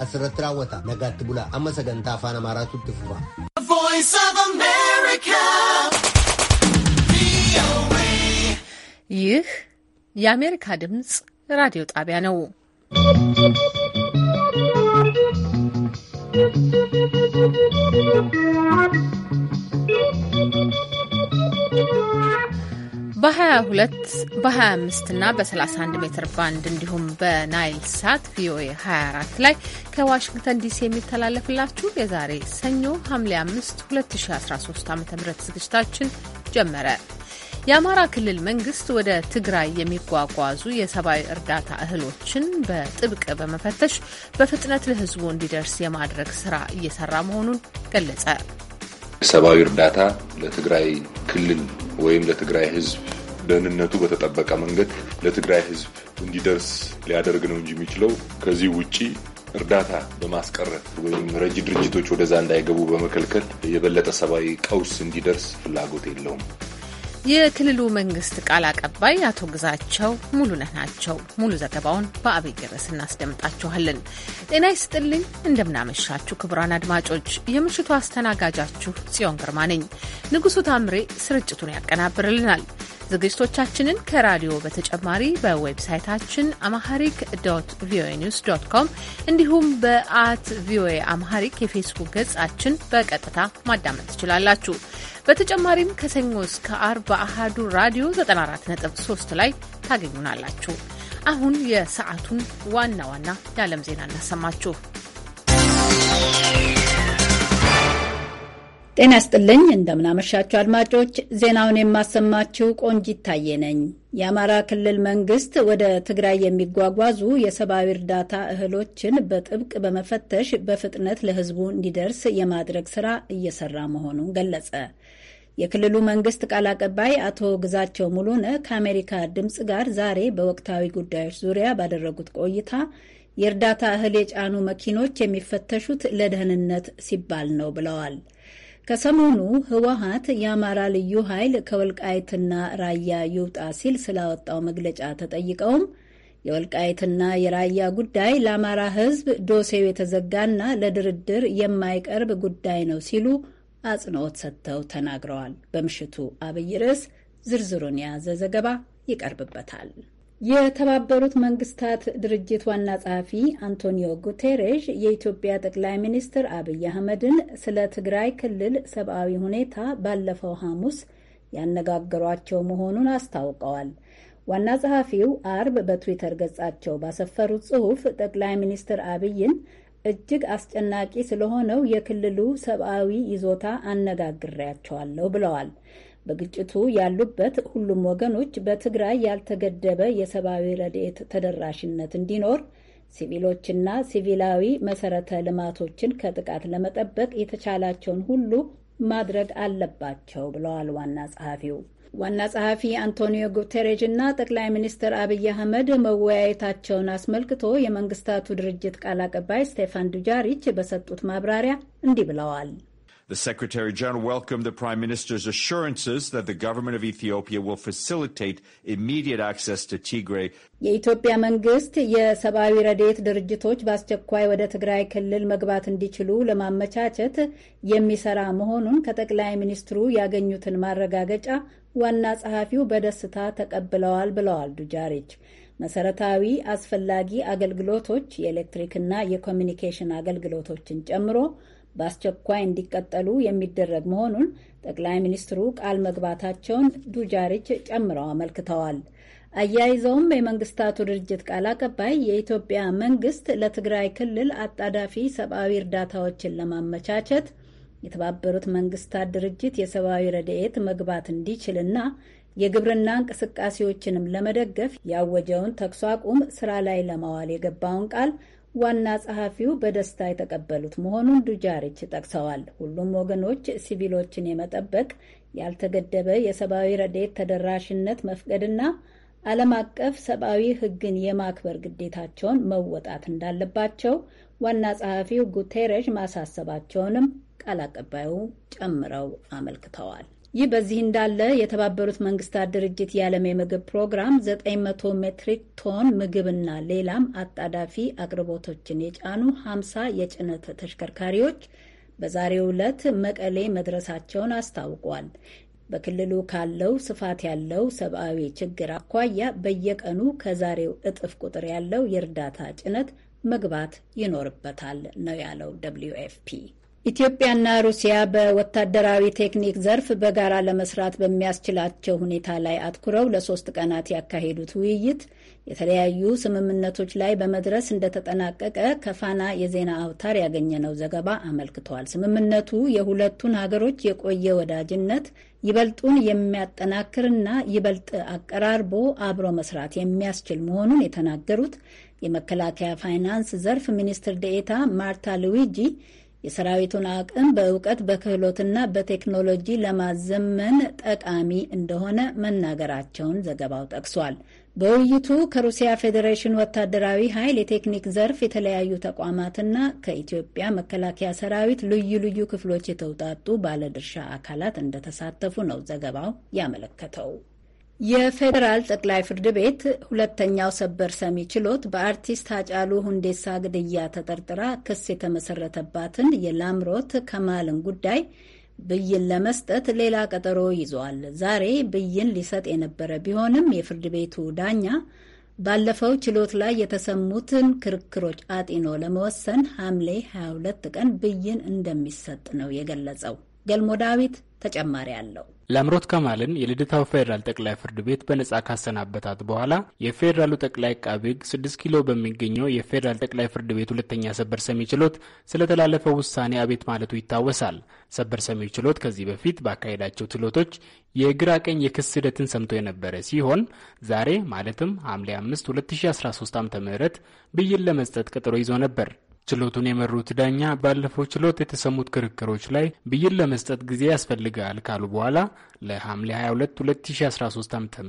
asirratti raawwata. Nagaatti bulaa. Amma sagantaa afaan Amaaraatutti fufa. ይህ የአሜሪካ ድምፅ ራዲዮ ጣቢያ ነው። ¶¶ በ22 በ25 እና በ31 ሜትር ባንድ እንዲሁም በናይል ሳት ቪኦኤ 24 ላይ ከዋሽንግተን ዲሲ የሚተላለፍላችሁ የዛሬ ሰኞ ሐምሌ 5 2013 ዓ ም ዝግጅታችን ጀመረ። የአማራ ክልል መንግስት ወደ ትግራይ የሚጓጓዙ የሰብአዊ እርዳታ እህሎችን በጥብቅ በመፈተሽ በፍጥነት ለህዝቡ እንዲደርስ የማድረግ ስራ እየሰራ መሆኑን ገለጸ። ሰብአዊ እርዳታ ለትግራይ ክልል ወይም ለትግራይ ህዝብ ደህንነቱ በተጠበቀ መንገድ ለትግራይ ህዝብ እንዲደርስ ሊያደርግ ነው እንጂ የሚችለው ከዚህ ውጪ እርዳታ በማስቀረት ወይም ረጅ ድርጅቶች ወደዛ እንዳይገቡ በመከልከል የበለጠ ሰብአዊ ቀውስ እንዲደርስ ፍላጎት የለውም። የክልሉ መንግስት ቃል አቀባይ አቶ ግዛቸው ሙሉነህ ናቸው። ሙሉ ዘገባውን በአብይ ርዕስ እናስደምጣችኋለን። ጤና ይስጥልኝ፣ እንደምናመሻችሁ ክቡራን አድማጮች፣ የምሽቱ አስተናጋጃችሁ ጽዮን ግርማ ነኝ። ንጉሱ ታምሬ ስርጭቱን ያቀናብርልናል። ዝግጅቶቻችንን ከራዲዮ በተጨማሪ በዌብሳይታችን አማሐሪክ ዶት ቪኦኤ ኒውስ ዶት ኮም እንዲሁም በአት ቪኦኤ አማሐሪክ የፌስቡክ ገጻችን በቀጥታ ማዳመጥ ትችላላችሁ። በተጨማሪም ከሰኞ እስከ አርብ አሃዱ ራዲዮ 94.3 ላይ ታገኙናላችሁ። አሁን የሰዓቱን ዋና ዋና የዓለም ዜና እናሰማችሁ። ጤና ያስጥልኝ እንደምናመሻችሁ አድማጮች። ዜናውን የማሰማችው ቆንጂ ይታየ ነኝ። የአማራ ክልል መንግስት ወደ ትግራይ የሚጓጓዙ የሰብአዊ እርዳታ እህሎችን በጥብቅ በመፈተሽ በፍጥነት ለህዝቡ እንዲደርስ የማድረግ ስራ እየሰራ መሆኑን ገለጸ። የክልሉ መንግስት ቃል አቀባይ አቶ ግዛቸው ሙሉነ ከአሜሪካ ድምፅ ጋር ዛሬ በወቅታዊ ጉዳዮች ዙሪያ ባደረጉት ቆይታ የእርዳታ እህል የጫኑ መኪኖች የሚፈተሹት ለደህንነት ሲባል ነው ብለዋል። ከሰሞኑ ህወሀት የአማራ ልዩ ኃይል ከወልቃይትና ራያ ይውጣ ሲል ስላወጣው መግለጫ ተጠይቀውም የወልቃይትና የራያ ጉዳይ ለአማራ ህዝብ ዶሴው የተዘጋና ለድርድር የማይቀርብ ጉዳይ ነው ሲሉ አጽንኦት ሰጥተው ተናግረዋል። በምሽቱ አብይ ርዕስ ዝርዝሩን የያዘ ዘገባ ይቀርብበታል። የተባበሩት መንግስታት ድርጅት ዋና ጸሐፊ አንቶኒዮ ጉቴሬዥ የኢትዮጵያ ጠቅላይ ሚኒስትር አብይ አህመድን ስለ ትግራይ ክልል ሰብአዊ ሁኔታ ባለፈው ሐሙስ ያነጋገሯቸው መሆኑን አስታውቀዋል። ዋና ጸሐፊው አርብ በትዊተር ገጻቸው ባሰፈሩት ጽሑፍ ጠቅላይ ሚኒስትር አብይን እጅግ አስጨናቂ ስለሆነው የክልሉ ሰብአዊ ይዞታ አነጋግሬያቸዋለሁ ብለዋል። በግጭቱ ያሉበት ሁሉም ወገኖች በትግራይ ያልተገደበ የሰብአዊ ረድኤት ተደራሽነት እንዲኖር ሲቪሎችና ሲቪላዊ መሰረተ ልማቶችን ከጥቃት ለመጠበቅ የተቻላቸውን ሁሉ ማድረግ አለባቸው ብለዋል ዋና ጸሐፊው። ዋና ጸሐፊ አንቶኒዮ ጉተሬጅ እና ጠቅላይ ሚኒስትር አብይ አህመድ መወያየታቸውን አስመልክቶ የመንግስታቱ ድርጅት ቃል አቀባይ ስቴፋን ዱጃሪች በሰጡት ማብራሪያ እንዲህ ብለዋል። The Secretary General welcomed the Prime Minister's assurances that the government of Ethiopia will facilitate immediate access to Tigray. የኢትዮጵያ መንግስት የሰብአዊ ረድኤት ድርጅቶች በአስቸኳይ ወደ ትግራይ ክልል መግባት እንዲችሉ ለማመቻቸት የሚሰራ መሆኑን ከጠቅላይ ሚኒስትሩ ያገኙትን ማረጋገጫ ዋና ጸሐፊው በደስታ ተቀብለዋል ብለዋል ዱጃሪች። መሰረታዊ አስፈላጊ አገልግሎቶች የኤሌክትሪክና የኮሚኒኬሽን አገልግሎቶችን ጨምሮ በአስቸኳይ እንዲቀጠሉ የሚደረግ መሆኑን ጠቅላይ ሚኒስትሩ ቃል መግባታቸውን ዱጃሪች ጨምረው አመልክተዋል። አያይዘውም የመንግስታቱ ድርጅት ቃል አቀባይ የኢትዮጵያ መንግስት ለትግራይ ክልል አጣዳፊ ሰብአዊ እርዳታዎችን ለማመቻቸት የተባበሩት መንግስታት ድርጅት የሰብአዊ ረድኤት መግባት እንዲችልና የግብርና እንቅስቃሴዎችንም ለመደገፍ ያወጀውን ተኩስ አቁም ስራ ላይ ለማዋል የገባውን ቃል ዋና ጸሐፊው በደስታ የተቀበሉት መሆኑን ዱጃሪች ጠቅሰዋል። ሁሉም ወገኖች ሲቪሎችን የመጠበቅ ያልተገደበ የሰብአዊ ረድኤት ተደራሽነት መፍቀድና ዓለም አቀፍ ሰብአዊ ሕግን የማክበር ግዴታቸውን መወጣት እንዳለባቸው ዋና ጸሐፊው ጉቴሬሽ ማሳሰባቸውንም ቃል አቀባዩ ጨምረው አመልክተዋል። ይህ በዚህ እንዳለ የተባበሩት መንግስታት ድርጅት የዓለም የምግብ ፕሮግራም 900 ሜትሪክ ቶን ምግብና ሌላም አጣዳፊ አቅርቦቶችን የጫኑ 50 የጭነት ተሽከርካሪዎች በዛሬው ዕለት መቀሌ መድረሳቸውን አስታውቋል። በክልሉ ካለው ስፋት ያለው ሰብአዊ ችግር አኳያ በየቀኑ ከዛሬው እጥፍ ቁጥር ያለው የእርዳታ ጭነት መግባት ይኖርበታል ነው ያለው ደብሊዩ ኤፍፒ። ኢትዮጵያና ሩሲያ በወታደራዊ ቴክኒክ ዘርፍ በጋራ ለመስራት በሚያስችላቸው ሁኔታ ላይ አትኩረው ለሶስት ቀናት ያካሄዱት ውይይት የተለያዩ ስምምነቶች ላይ በመድረስ እንደተጠናቀቀ ከፋና የዜና አውታር ያገኘነው ዘገባ አመልክቷል። ስምምነቱ የሁለቱን ሀገሮች የቆየ ወዳጅነት ይበልጡን የሚያጠናክርና ይበልጥ አቀራርቦ አብሮ መስራት የሚያስችል መሆኑን የተናገሩት የመከላከያ ፋይናንስ ዘርፍ ሚኒስትር ደኤታ ማርታ ሉዊጂ የሰራዊቱን አቅም በእውቀት በክህሎትና በቴክኖሎጂ ለማዘመን ጠቃሚ እንደሆነ መናገራቸውን ዘገባው ጠቅሷል። በውይይቱ ከሩሲያ ፌዴሬሽን ወታደራዊ ኃይል የቴክኒክ ዘርፍ የተለያዩ ተቋማትና ከኢትዮጵያ መከላከያ ሰራዊት ልዩ ልዩ ክፍሎች የተውጣጡ ባለድርሻ አካላት እንደተሳተፉ ነው ዘገባው ያመለከተው። የፌዴራል ጠቅላይ ፍርድ ቤት ሁለተኛው ሰበር ሰሚ ችሎት በአርቲስት አጫሉ ሁንዴሳ ግድያ ተጠርጥራ ክስ የተመሰረተባትን የላምሮት ከማልን ጉዳይ ብይን ለመስጠት ሌላ ቀጠሮ ይዟል። ዛሬ ብይን ሊሰጥ የነበረ ቢሆንም የፍርድ ቤቱ ዳኛ ባለፈው ችሎት ላይ የተሰሙትን ክርክሮች አጢኖ ለመወሰን ሐምሌ 22 ቀን ብይን እንደሚሰጥ ነው የገለጸው። ገልሞ ዳዊት ተጨማሪ አለው። ላምሮት ከማልን የልደታው ፌዴራል ጠቅላይ ፍርድ ቤት በነጻ ካሰናበታት በኋላ የፌዴራሉ ጠቅላይ አቃቤ ሕግ ስድስት ኪሎ በሚገኘው የፌዴራል ጠቅላይ ፍርድ ቤት ሁለተኛ ሰበር ሰሚ ችሎት ስለተላለፈው ውሳኔ አቤት ማለቱ ይታወሳል። ሰበር ሰሚ ችሎት ከዚህ በፊት ባካሄዳቸው ችሎቶች የግራ ቀኝ የክስ ሂደትን ሰምቶ የነበረ ሲሆን ዛሬ ማለትም ሐምሌ 5 2013 ዓ ም ብይን ለመስጠት ቀጠሮ ይዞ ነበር። ችሎቱን የመሩት ዳኛ ባለፈው ችሎት የተሰሙት ክርክሮች ላይ ብይን ለመስጠት ጊዜ ያስፈልጋል ካሉ በኋላ ለሐምሌ 22 2013 ዓ ም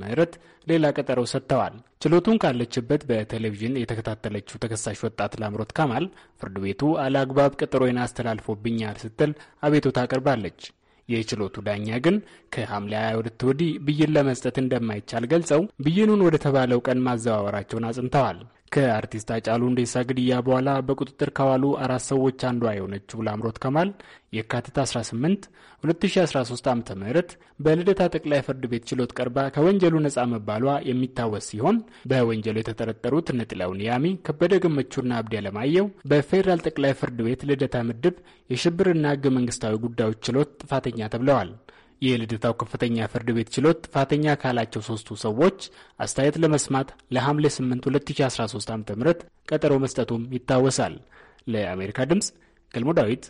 ሌላ ቀጠሮ ሰጥተዋል። ችሎቱን ካለችበት በቴሌቪዥን የተከታተለችው ተከሳሽ ወጣት ላምሮት ካማል ፍርድ ቤቱ አለአግባብ ቀጠሮዬን አስተላልፎብኛል ስትል አቤቱታ አቅርባለች። የችሎቱ ዳኛ ግን ከሐምሌ 22 ወዲህ ብይን ለመስጠት እንደማይቻል ገልጸው ብይኑን ወደ ተባለው ቀን ማዘዋወራቸውን አጽንተዋል። ከአርቲስት አጫሉ ሁንዴሳ ግድያ በኋላ በቁጥጥር ከዋሉ አራት ሰዎች አንዷ የሆነችው ላምሮት ከማል የካቲት 18 2013 ዓ ም በልደታ ጠቅላይ ፍርድ ቤት ችሎት ቀርባ ከወንጀሉ ነፃ መባሏ የሚታወስ ሲሆን በወንጀሉ የተጠረጠሩት ነጥላው ኒያሚ፣ ያሚ፣ ከበደ ገመቹና አብዲ አለማየሁ በፌዴራል ጠቅላይ ፍርድ ቤት ልደታ ምድብ የሽብርና ህገ መንግስታዊ ጉዳዮች ችሎት ጥፋተኛ ተብለዋል። የልደታው ከፍተኛ ፍርድ ቤት ችሎት ጥፋተኛ ካላቸው ሶስቱ ሰዎች አስተያየት ለመስማት ለሐምሌ 8 2013 ዓ ም ቀጠሮ መስጠቱም ይታወሳል። ለአሜሪካ ድምፅ ገልሞ ዳዊት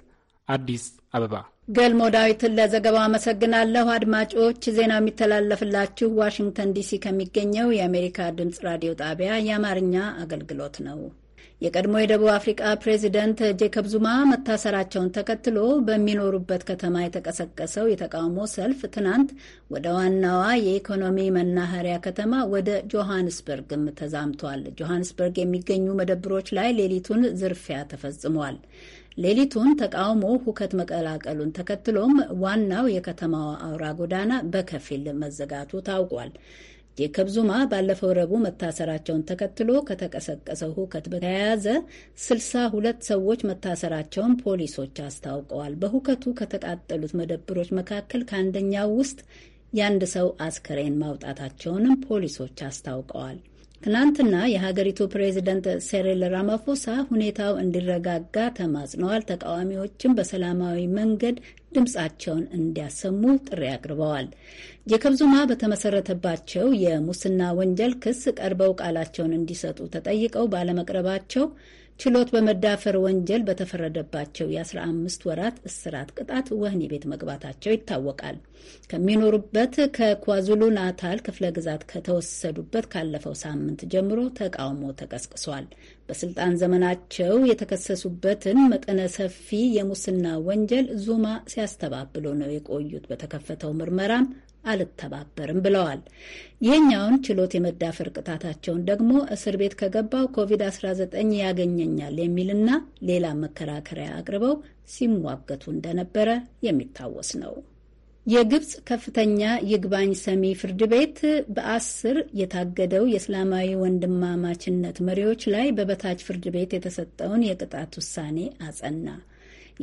አዲስ አበባ። ገልሞ ዳዊትን ለዘገባው አመሰግናለሁ። አድማጮች ዜናው የሚተላለፍላችሁ ዋሽንግተን ዲሲ ከሚገኘው የአሜሪካ ድምፅ ራዲዮ ጣቢያ የአማርኛ አገልግሎት ነው። የቀድሞ የደቡብ አፍሪካ ፕሬዚደንት ጄኮብ ዙማ መታሰራቸውን ተከትሎ በሚኖሩበት ከተማ የተቀሰቀሰው የተቃውሞ ሰልፍ ትናንት ወደ ዋናዋ የኢኮኖሚ መናኸሪያ ከተማ ወደ ጆሃንስበርግም ተዛምቷል። ጆሃንስበርግ የሚገኙ መደብሮች ላይ ሌሊቱን ዝርፊያ ተፈጽሟል። ሌሊቱን ተቃውሞ ሁከት መቀላቀሉን ተከትሎም ዋናው የከተማዋ አውራ ጎዳና በከፊል መዘጋቱ ታውቋል። ጄኮብ ዙማ ባለፈው ረቡዕ መታሰራቸውን ተከትሎ ከተቀሰቀሰው ሁከት በተያያዘ ስልሳ ሁለት ሰዎች መታሰራቸውን ፖሊሶች አስታውቀዋል። በሁከቱ ከተቃጠሉት መደብሮች መካከል ከአንደኛው ውስጥ የአንድ ሰው አስከሬን ማውጣታቸውንም ፖሊሶች አስታውቀዋል። ትናንትና የሀገሪቱ ፕሬዚደንት ሴሪል ራማፎሳ ሁኔታው እንዲረጋጋ ተማጽነዋል። ተቃዋሚዎችም በሰላማዊ መንገድ ድምፃቸውን እንዲያሰሙ ጥሪ አቅርበዋል። ጄኮብ ዙማ በተመሰረተባቸው የሙስና ወንጀል ክስ ቀርበው ቃላቸውን እንዲሰጡ ተጠይቀው ባለመቅረባቸው ችሎት በመዳፈር ወንጀል በተፈረደባቸው የ15 ወራት እስራት ቅጣት ወህኒ ቤት መግባታቸው ይታወቃል። ከሚኖሩበት ከኳዙሉ ናታል ክፍለ ግዛት ከተወሰዱበት ካለፈው ሳምንት ጀምሮ ተቃውሞ ተቀስቅሷል። በስልጣን ዘመናቸው የተከሰሱበትን መጠነ ሰፊ የሙስና ወንጀል ዙማ ሲያስተባብሉ ነው የቆዩት። በተከፈተው ምርመራም አልተባበርም ብለዋል። ይህኛውን ችሎት የመዳፈር ቅጣታቸውን ደግሞ እስር ቤት ከገባው ኮቪድ-19 ያገኘኛል የሚልና ሌላ መከራከሪያ አቅርበው ሲሟገቱ እንደነበረ የሚታወስ ነው። የግብፅ ከፍተኛ ይግባኝ ሰሚ ፍርድ ቤት በአስር የታገደው የእስላማዊ ወንድማማችነት መሪዎች ላይ በበታች ፍርድ ቤት የተሰጠውን የቅጣት ውሳኔ አጸና።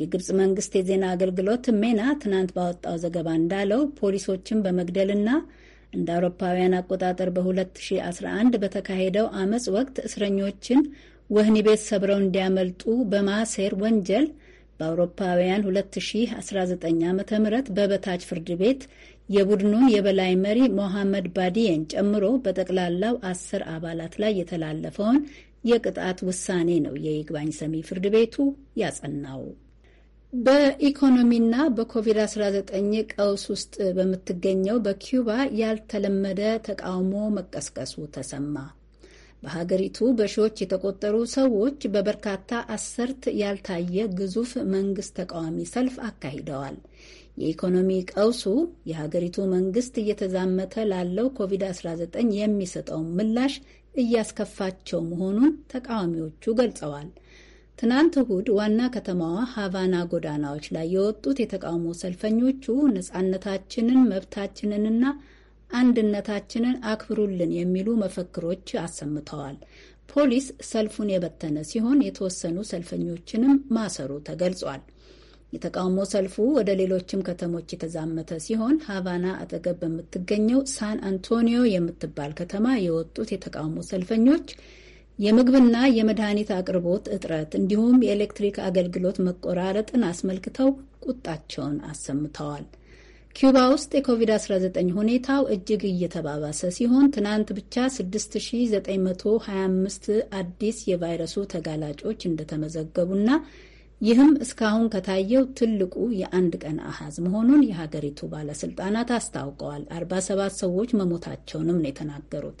የግብፅ መንግስት የዜና አገልግሎት ሜና ትናንት ባወጣው ዘገባ እንዳለው ፖሊሶችን በመግደልና እንደ አውሮፓውያን አቆጣጠር በ2011 በተካሄደው አመፅ ወቅት እስረኞችን ወህኒ ቤት ሰብረው እንዲያመልጡ በማሴር ወንጀል በአውሮፓውያን 2019 ዓ ም በበታች ፍርድ ቤት የቡድኑን የበላይ መሪ ሞሐመድ ባዲየን ጨምሮ በጠቅላላው አስር አባላት ላይ የተላለፈውን የቅጣት ውሳኔ ነው የይግባኝ ሰሚ ፍርድ ቤቱ ያጸናው። በኢኮኖሚና በኮቪድ-19 ቀውስ ውስጥ በምትገኘው በኪዩባ ያልተለመደ ተቃውሞ መቀስቀሱ ተሰማ። በሀገሪቱ በሺዎች የተቆጠሩ ሰዎች በበርካታ አሰርት ያልታየ ግዙፍ መንግስት ተቃዋሚ ሰልፍ አካሂደዋል። የኢኮኖሚ ቀውሱ የሀገሪቱ መንግስት እየተዛመተ ላለው ኮቪድ-19 የሚሰጠውን ምላሽ እያስከፋቸው መሆኑን ተቃዋሚዎቹ ገልጸዋል። ትናንት እሁድ ዋና ከተማዋ ሀቫና ጎዳናዎች ላይ የወጡት የተቃውሞ ሰልፈኞቹ ነጻነታችንን፣ መብታችንንና አንድነታችንን አክብሩልን የሚሉ መፈክሮች አሰምተዋል። ፖሊስ ሰልፉን የበተነ ሲሆን የተወሰኑ ሰልፈኞችንም ማሰሩ ተገልጿል። የተቃውሞ ሰልፉ ወደ ሌሎችም ከተሞች የተዛመተ ሲሆን ሀቫና አጠገብ በምትገኘው ሳን አንቶኒዮ የምትባል ከተማ የወጡት የተቃውሞ ሰልፈኞች የምግብና የመድኃኒት አቅርቦት እጥረት እንዲሁም የኤሌክትሪክ አገልግሎት መቆራረጥን አስመልክተው ቁጣቸውን አሰምተዋል። ኪዩባ ውስጥ የኮቪድ-19 ሁኔታው እጅግ እየተባባሰ ሲሆን ትናንት ብቻ 6925 አዲስ የቫይረሱ ተጋላጮች እንደተመዘገቡና ይህም እስካሁን ከታየው ትልቁ የአንድ ቀን አሃዝ መሆኑን የሀገሪቱ ባለስልጣናት አስታውቀዋል። 47 ሰዎች መሞታቸውንም ነው የተናገሩት።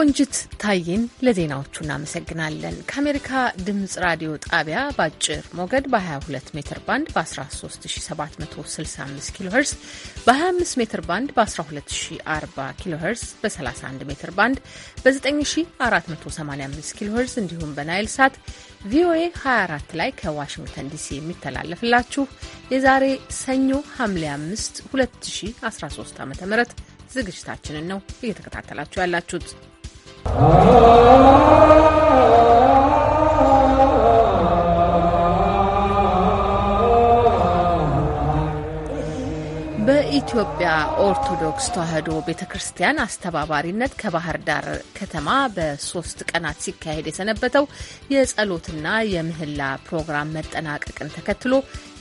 ቆንጅት ታይን ለዜናዎቹ እናመሰግናለን። ከአሜሪካ ድምጽ ራዲዮ ጣቢያ በአጭር ሞገድ በ22 ሜትር ባንድ በ13765 ኪሎ ሄርዝ፣ በ25 ሜትር ባንድ በ1240 ኪሎ ሄርዝ፣ በ31 ሜትር ባንድ በ9485 ኪሎ ሄርዝ እንዲሁም በናይል ሳት ቪኦኤ 24 ላይ ከዋሽንግተን ዲሲ የሚተላለፍላችሁ የዛሬ ሰኞ ሐምሌ 5 2013 ዓ ም ዝግጅታችንን ነው እየተከታተላችሁ ያላችሁት። በኢትዮጵያ ኦርቶዶክስ ተዋሕዶ ቤተ ክርስቲያን አስተባባሪነት ከባህር ዳር ከተማ በሶስት ቀናት ሲካሄድ የሰነበተው የጸሎትና የምህላ ፕሮግራም መጠናቀቅን ተከትሎ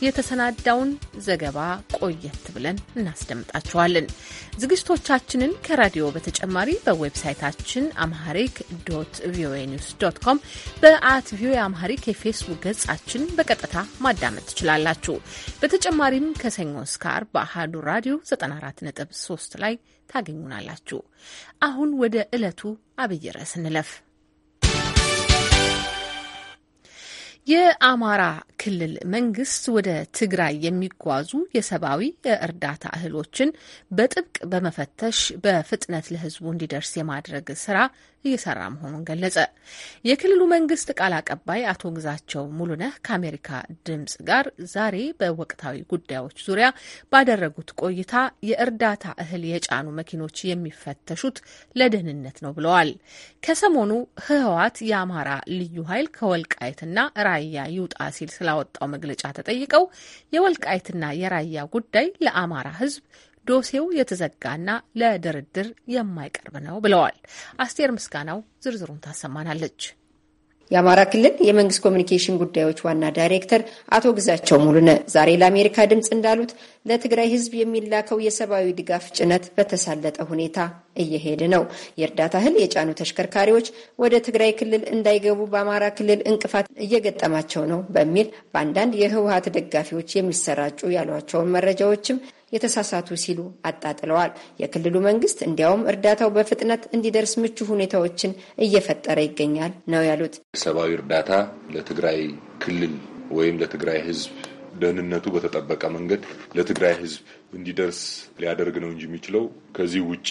የተሰናዳውን ዘገባ ቆየት ብለን እናስደምጣችኋለን። ዝግጅቶቻችንን ከራዲዮ በተጨማሪ በዌብሳይታችን አምሃሪክ ዶት ቪኦኤ ኒውስ ዶት ኮም በአት ቪኦኤ አምሃሪክ የፌስቡክ ገጻችን በቀጥታ ማዳመጥ ትችላላችሁ። በተጨማሪም ከሰኞ እስከ ዓርብ በአሃዱ ራዲዮ 94.3 ላይ ታገኙናላችሁ። አሁን ወደ ዕለቱ አብይ ርዕስ እንለፍ። የአማራ ክልል መንግስት ወደ ትግራይ የሚጓዙ የሰብአዊ የእርዳታ እህሎችን በጥብቅ በመፈተሽ በፍጥነት ለህዝቡ እንዲደርስ የማድረግ ስራ እየሰራ መሆኑን ገለጸ። የክልሉ መንግስት ቃል አቀባይ አቶ ግዛቸው ሙሉነህ ከአሜሪካ ድምጽ ጋር ዛሬ በወቅታዊ ጉዳዮች ዙሪያ ባደረጉት ቆይታ የእርዳታ እህል የጫኑ መኪኖች የሚፈተሹት ለደህንነት ነው ብለዋል። ከሰሞኑ ህወሓት የአማራ ልዩ ኃይል ከወልቃይትና ራያ ይውጣ ሲል ስላወጣው መግለጫ ተጠይቀው የወልቃይትና የራያ ጉዳይ ለአማራ ህዝብ ዶሴው የተዘጋና ለድርድር የማይቀርብ ነው ብለዋል። አስቴር ምስጋናው ዝርዝሩን ታሰማናለች። የአማራ ክልል የመንግስት ኮሚኒኬሽን ጉዳዮች ዋና ዳይሬክተር አቶ ግዛቸው ሙሉነ ዛሬ ለአሜሪካ ድምፅ እንዳሉት ለትግራይ ሕዝብ የሚላከው የሰብአዊ ድጋፍ ጭነት በተሳለጠ ሁኔታ እየሄደ ነው። የእርዳታ እህል የጫኑ ተሽከርካሪዎች ወደ ትግራይ ክልል እንዳይገቡ በአማራ ክልል እንቅፋት እየገጠማቸው ነው በሚል በአንዳንድ የህወሀት ደጋፊዎች የሚሰራጩ ያሏቸውን መረጃዎችም የተሳሳቱ ሲሉ አጣጥለዋል። የክልሉ መንግስት እንዲያውም እርዳታው በፍጥነት እንዲደርስ ምቹ ሁኔታዎችን እየፈጠረ ይገኛል ነው ያሉት። ሰብአዊ እርዳታ ለትግራይ ክልል ወይም ለትግራይ ህዝብ ደህንነቱ በተጠበቀ መንገድ ለትግራይ ህዝብ እንዲደርስ ሊያደርግ ነው እንጂ የሚችለው ከዚህ ውጪ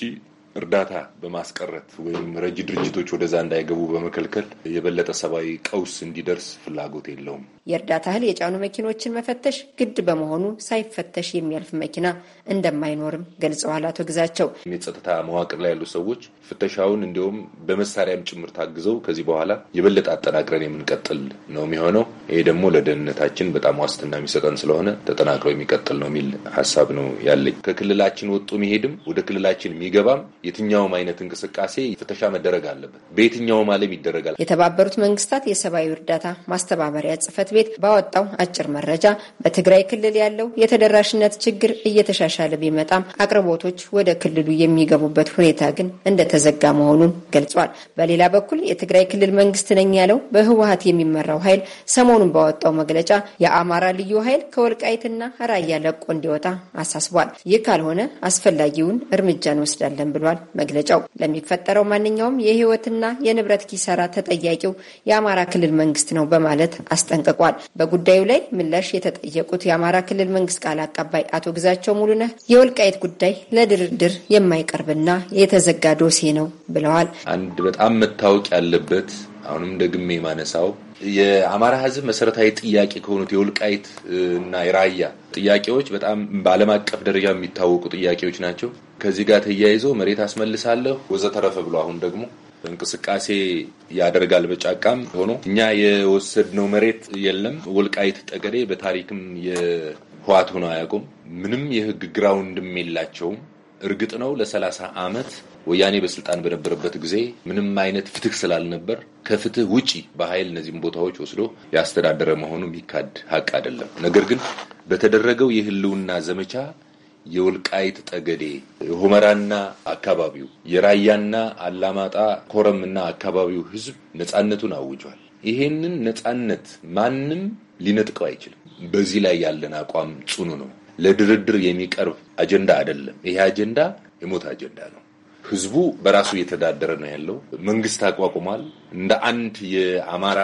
እርዳታ በማስቀረት ወይም ረጅ ድርጅቶች ወደዛ እንዳይገቡ በመከልከል የበለጠ ሰብአዊ ቀውስ እንዲደርስ ፍላጎት የለውም። የእርዳታ እህል የጫኑ መኪኖችን መፈተሽ ግድ በመሆኑ ሳይፈተሽ የሚያልፍ መኪና እንደማይኖርም ገልጸዋል። አቶ ግዛቸው የጸጥታ መዋቅር ላይ ያሉ ሰዎች ፍተሻውን እንዲሁም በመሳሪያም ጭምር ታግዘው ከዚህ በኋላ የበለጠ አጠናቅረን የምንቀጥል ነው የሚሆነው። ይሄ ደግሞ ለደህንነታችን በጣም ዋስትና የሚሰጠን ስለሆነ ተጠናክሮ የሚቀጥል ነው የሚል ሀሳብ ነው ያለኝ። ከክልላችን ወጡ መሄድም ወደ ክልላችን የሚገባም የትኛውም አይነት እንቅስቃሴ ፍተሻ መደረግ አለበት። በየትኛውም ዓለም ይደረጋል። የተባበሩት መንግስታት የሰብአዊ እርዳታ ማስተባበሪያ ጽህፈት ቤት ባወጣው አጭር መረጃ በትግራይ ክልል ያለው የተደራሽነት ችግር እየተሻሻለ ቢመጣም አቅርቦቶች ወደ ክልሉ የሚገቡበት ሁኔታ ግን እንደተዘጋ መሆኑን ገልጿል። በሌላ በኩል የትግራይ ክልል መንግስት ነኝ ያለው በህወሀት የሚመራው ኃይል ሰሞኑን ባወጣው መግለጫ የአማራ ልዩ ኃይል ከወልቃይትና ራያ ለቆ እንዲወጣ አሳስቧል። ይህ ካልሆነ አስፈላጊውን እርምጃ እንወስዳለን ብሏል። ብሏል መግለጫው። ለሚፈጠረው ማንኛውም የህይወትና የንብረት ኪሳራ ተጠያቂው የአማራ ክልል መንግስት ነው በማለት አስጠንቅቋል። በጉዳዩ ላይ ምላሽ የተጠየቁት የአማራ ክልል መንግስት ቃል አቀባይ አቶ ግዛቸው ሙሉነህ የወልቃየት ጉዳይ ለድርድር የማይቀርብና የተዘጋ ዶሴ ነው ብለዋል። አንድ በጣም መታወቅ ያለበት አሁንም ደግሜ ማነሳው የአማራ ህዝብ መሰረታዊ ጥያቄ ከሆኑት የወልቃይት እና የራያ ጥያቄዎች በጣም በዓለም አቀፍ ደረጃ የሚታወቁ ጥያቄዎች ናቸው። ከዚህ ጋር ተያይዞ መሬት አስመልሳለሁ ወዘተረፈ ብሎ አሁን ደግሞ እንቅስቃሴ ያደርጋል። በጫቃም ሆኖ እኛ የወሰድነው መሬት የለም። ወልቃይት ጠገዴ በታሪክም የህዋት ሆኖ አያውቁም። ምንም የህግ ግራውንድም የላቸውም። እርግጥ ነው ለሰላሳ ዓመት ወያኔ በስልጣን በነበረበት ጊዜ ምንም አይነት ፍትህ ስላልነበር ከፍትህ ውጪ በኃይል እነዚህም ቦታዎች ወስዶ ያስተዳደረ መሆኑ የሚካድ ሀቅ አይደለም። ነገር ግን በተደረገው የህልውና ዘመቻ የወልቃይት ጠገዴ፣ ሁመራና አካባቢው፣ የራያና አላማጣ ኮረምና አካባቢው ህዝብ ነጻነቱን አውጇል። ይሄንን ነጻነት ማንም ሊነጥቀው አይችልም። በዚህ ላይ ያለን አቋም ጽኑ ነው። ለድርድር የሚቀርብ አጀንዳ አይደለም። ይሄ አጀንዳ የሞት አጀንዳ ነው። ህዝቡ በራሱ እየተዳደረ ነው ያለው። መንግስት አቋቁሟል። እንደ አንድ የአማራ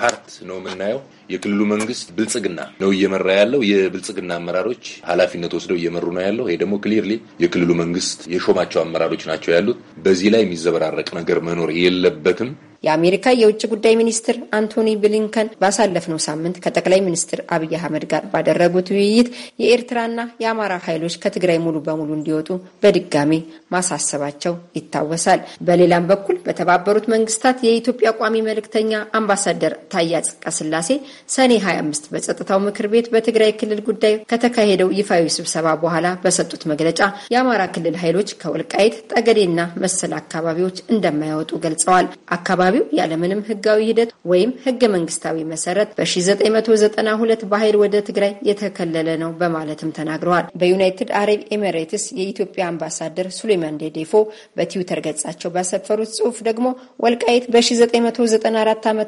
ፓርቲ ልማት ነው የምናየው። የክልሉ መንግስት ብልጽግና ነው እየመራ ያለው። የብልጽግና አመራሮች ኃላፊነት ወስደው እየመሩ ነው ያለው። ይሄ ደግሞ ክሊርሊ የክልሉ መንግስት የሾማቸው አመራሮች ናቸው ያሉት። በዚህ ላይ የሚዘበራረቅ ነገር መኖር የለበትም። የአሜሪካ የውጭ ጉዳይ ሚኒስትር አንቶኒ ብሊንከን ባሳለፍነው ሳምንት ከጠቅላይ ሚኒስትር አብይ አህመድ ጋር ባደረጉት ውይይት የኤርትራና የአማራ ኃይሎች ከትግራይ ሙሉ በሙሉ እንዲወጡ በድጋሚ ማሳሰባቸው ይታወሳል። በሌላም በኩል በተባበሩት መንግስታት የኢትዮጵያ ቋሚ መልእክተኛ አምባሳደር ታዬ ኢሳያስ ስላሴ ሰኔ 25 በጸጥታው ምክር ቤት በትግራይ ክልል ጉዳይ ከተካሄደው ይፋዊ ስብሰባ በኋላ በሰጡት መግለጫ የአማራ ክልል ኃይሎች ከወልቃይት ጠገዴና መሰል አካባቢዎች እንደማይወጡ ገልጸዋል። አካባቢው ያለምንም ህጋዊ ሂደት ወይም ህገ መንግስታዊ መሰረት በ1992 በኃይል ወደ ትግራይ የተከለለ ነው በማለትም ተናግረዋል። በዩናይትድ አረብ ኤሜሬትስ የኢትዮጵያ አምባሳደር ሱሌማን ዴዴፎ በትዊተር ገጻቸው ባሰፈሩት ጽሁፍ ደግሞ ወልቃይት በ1994 ዓ ም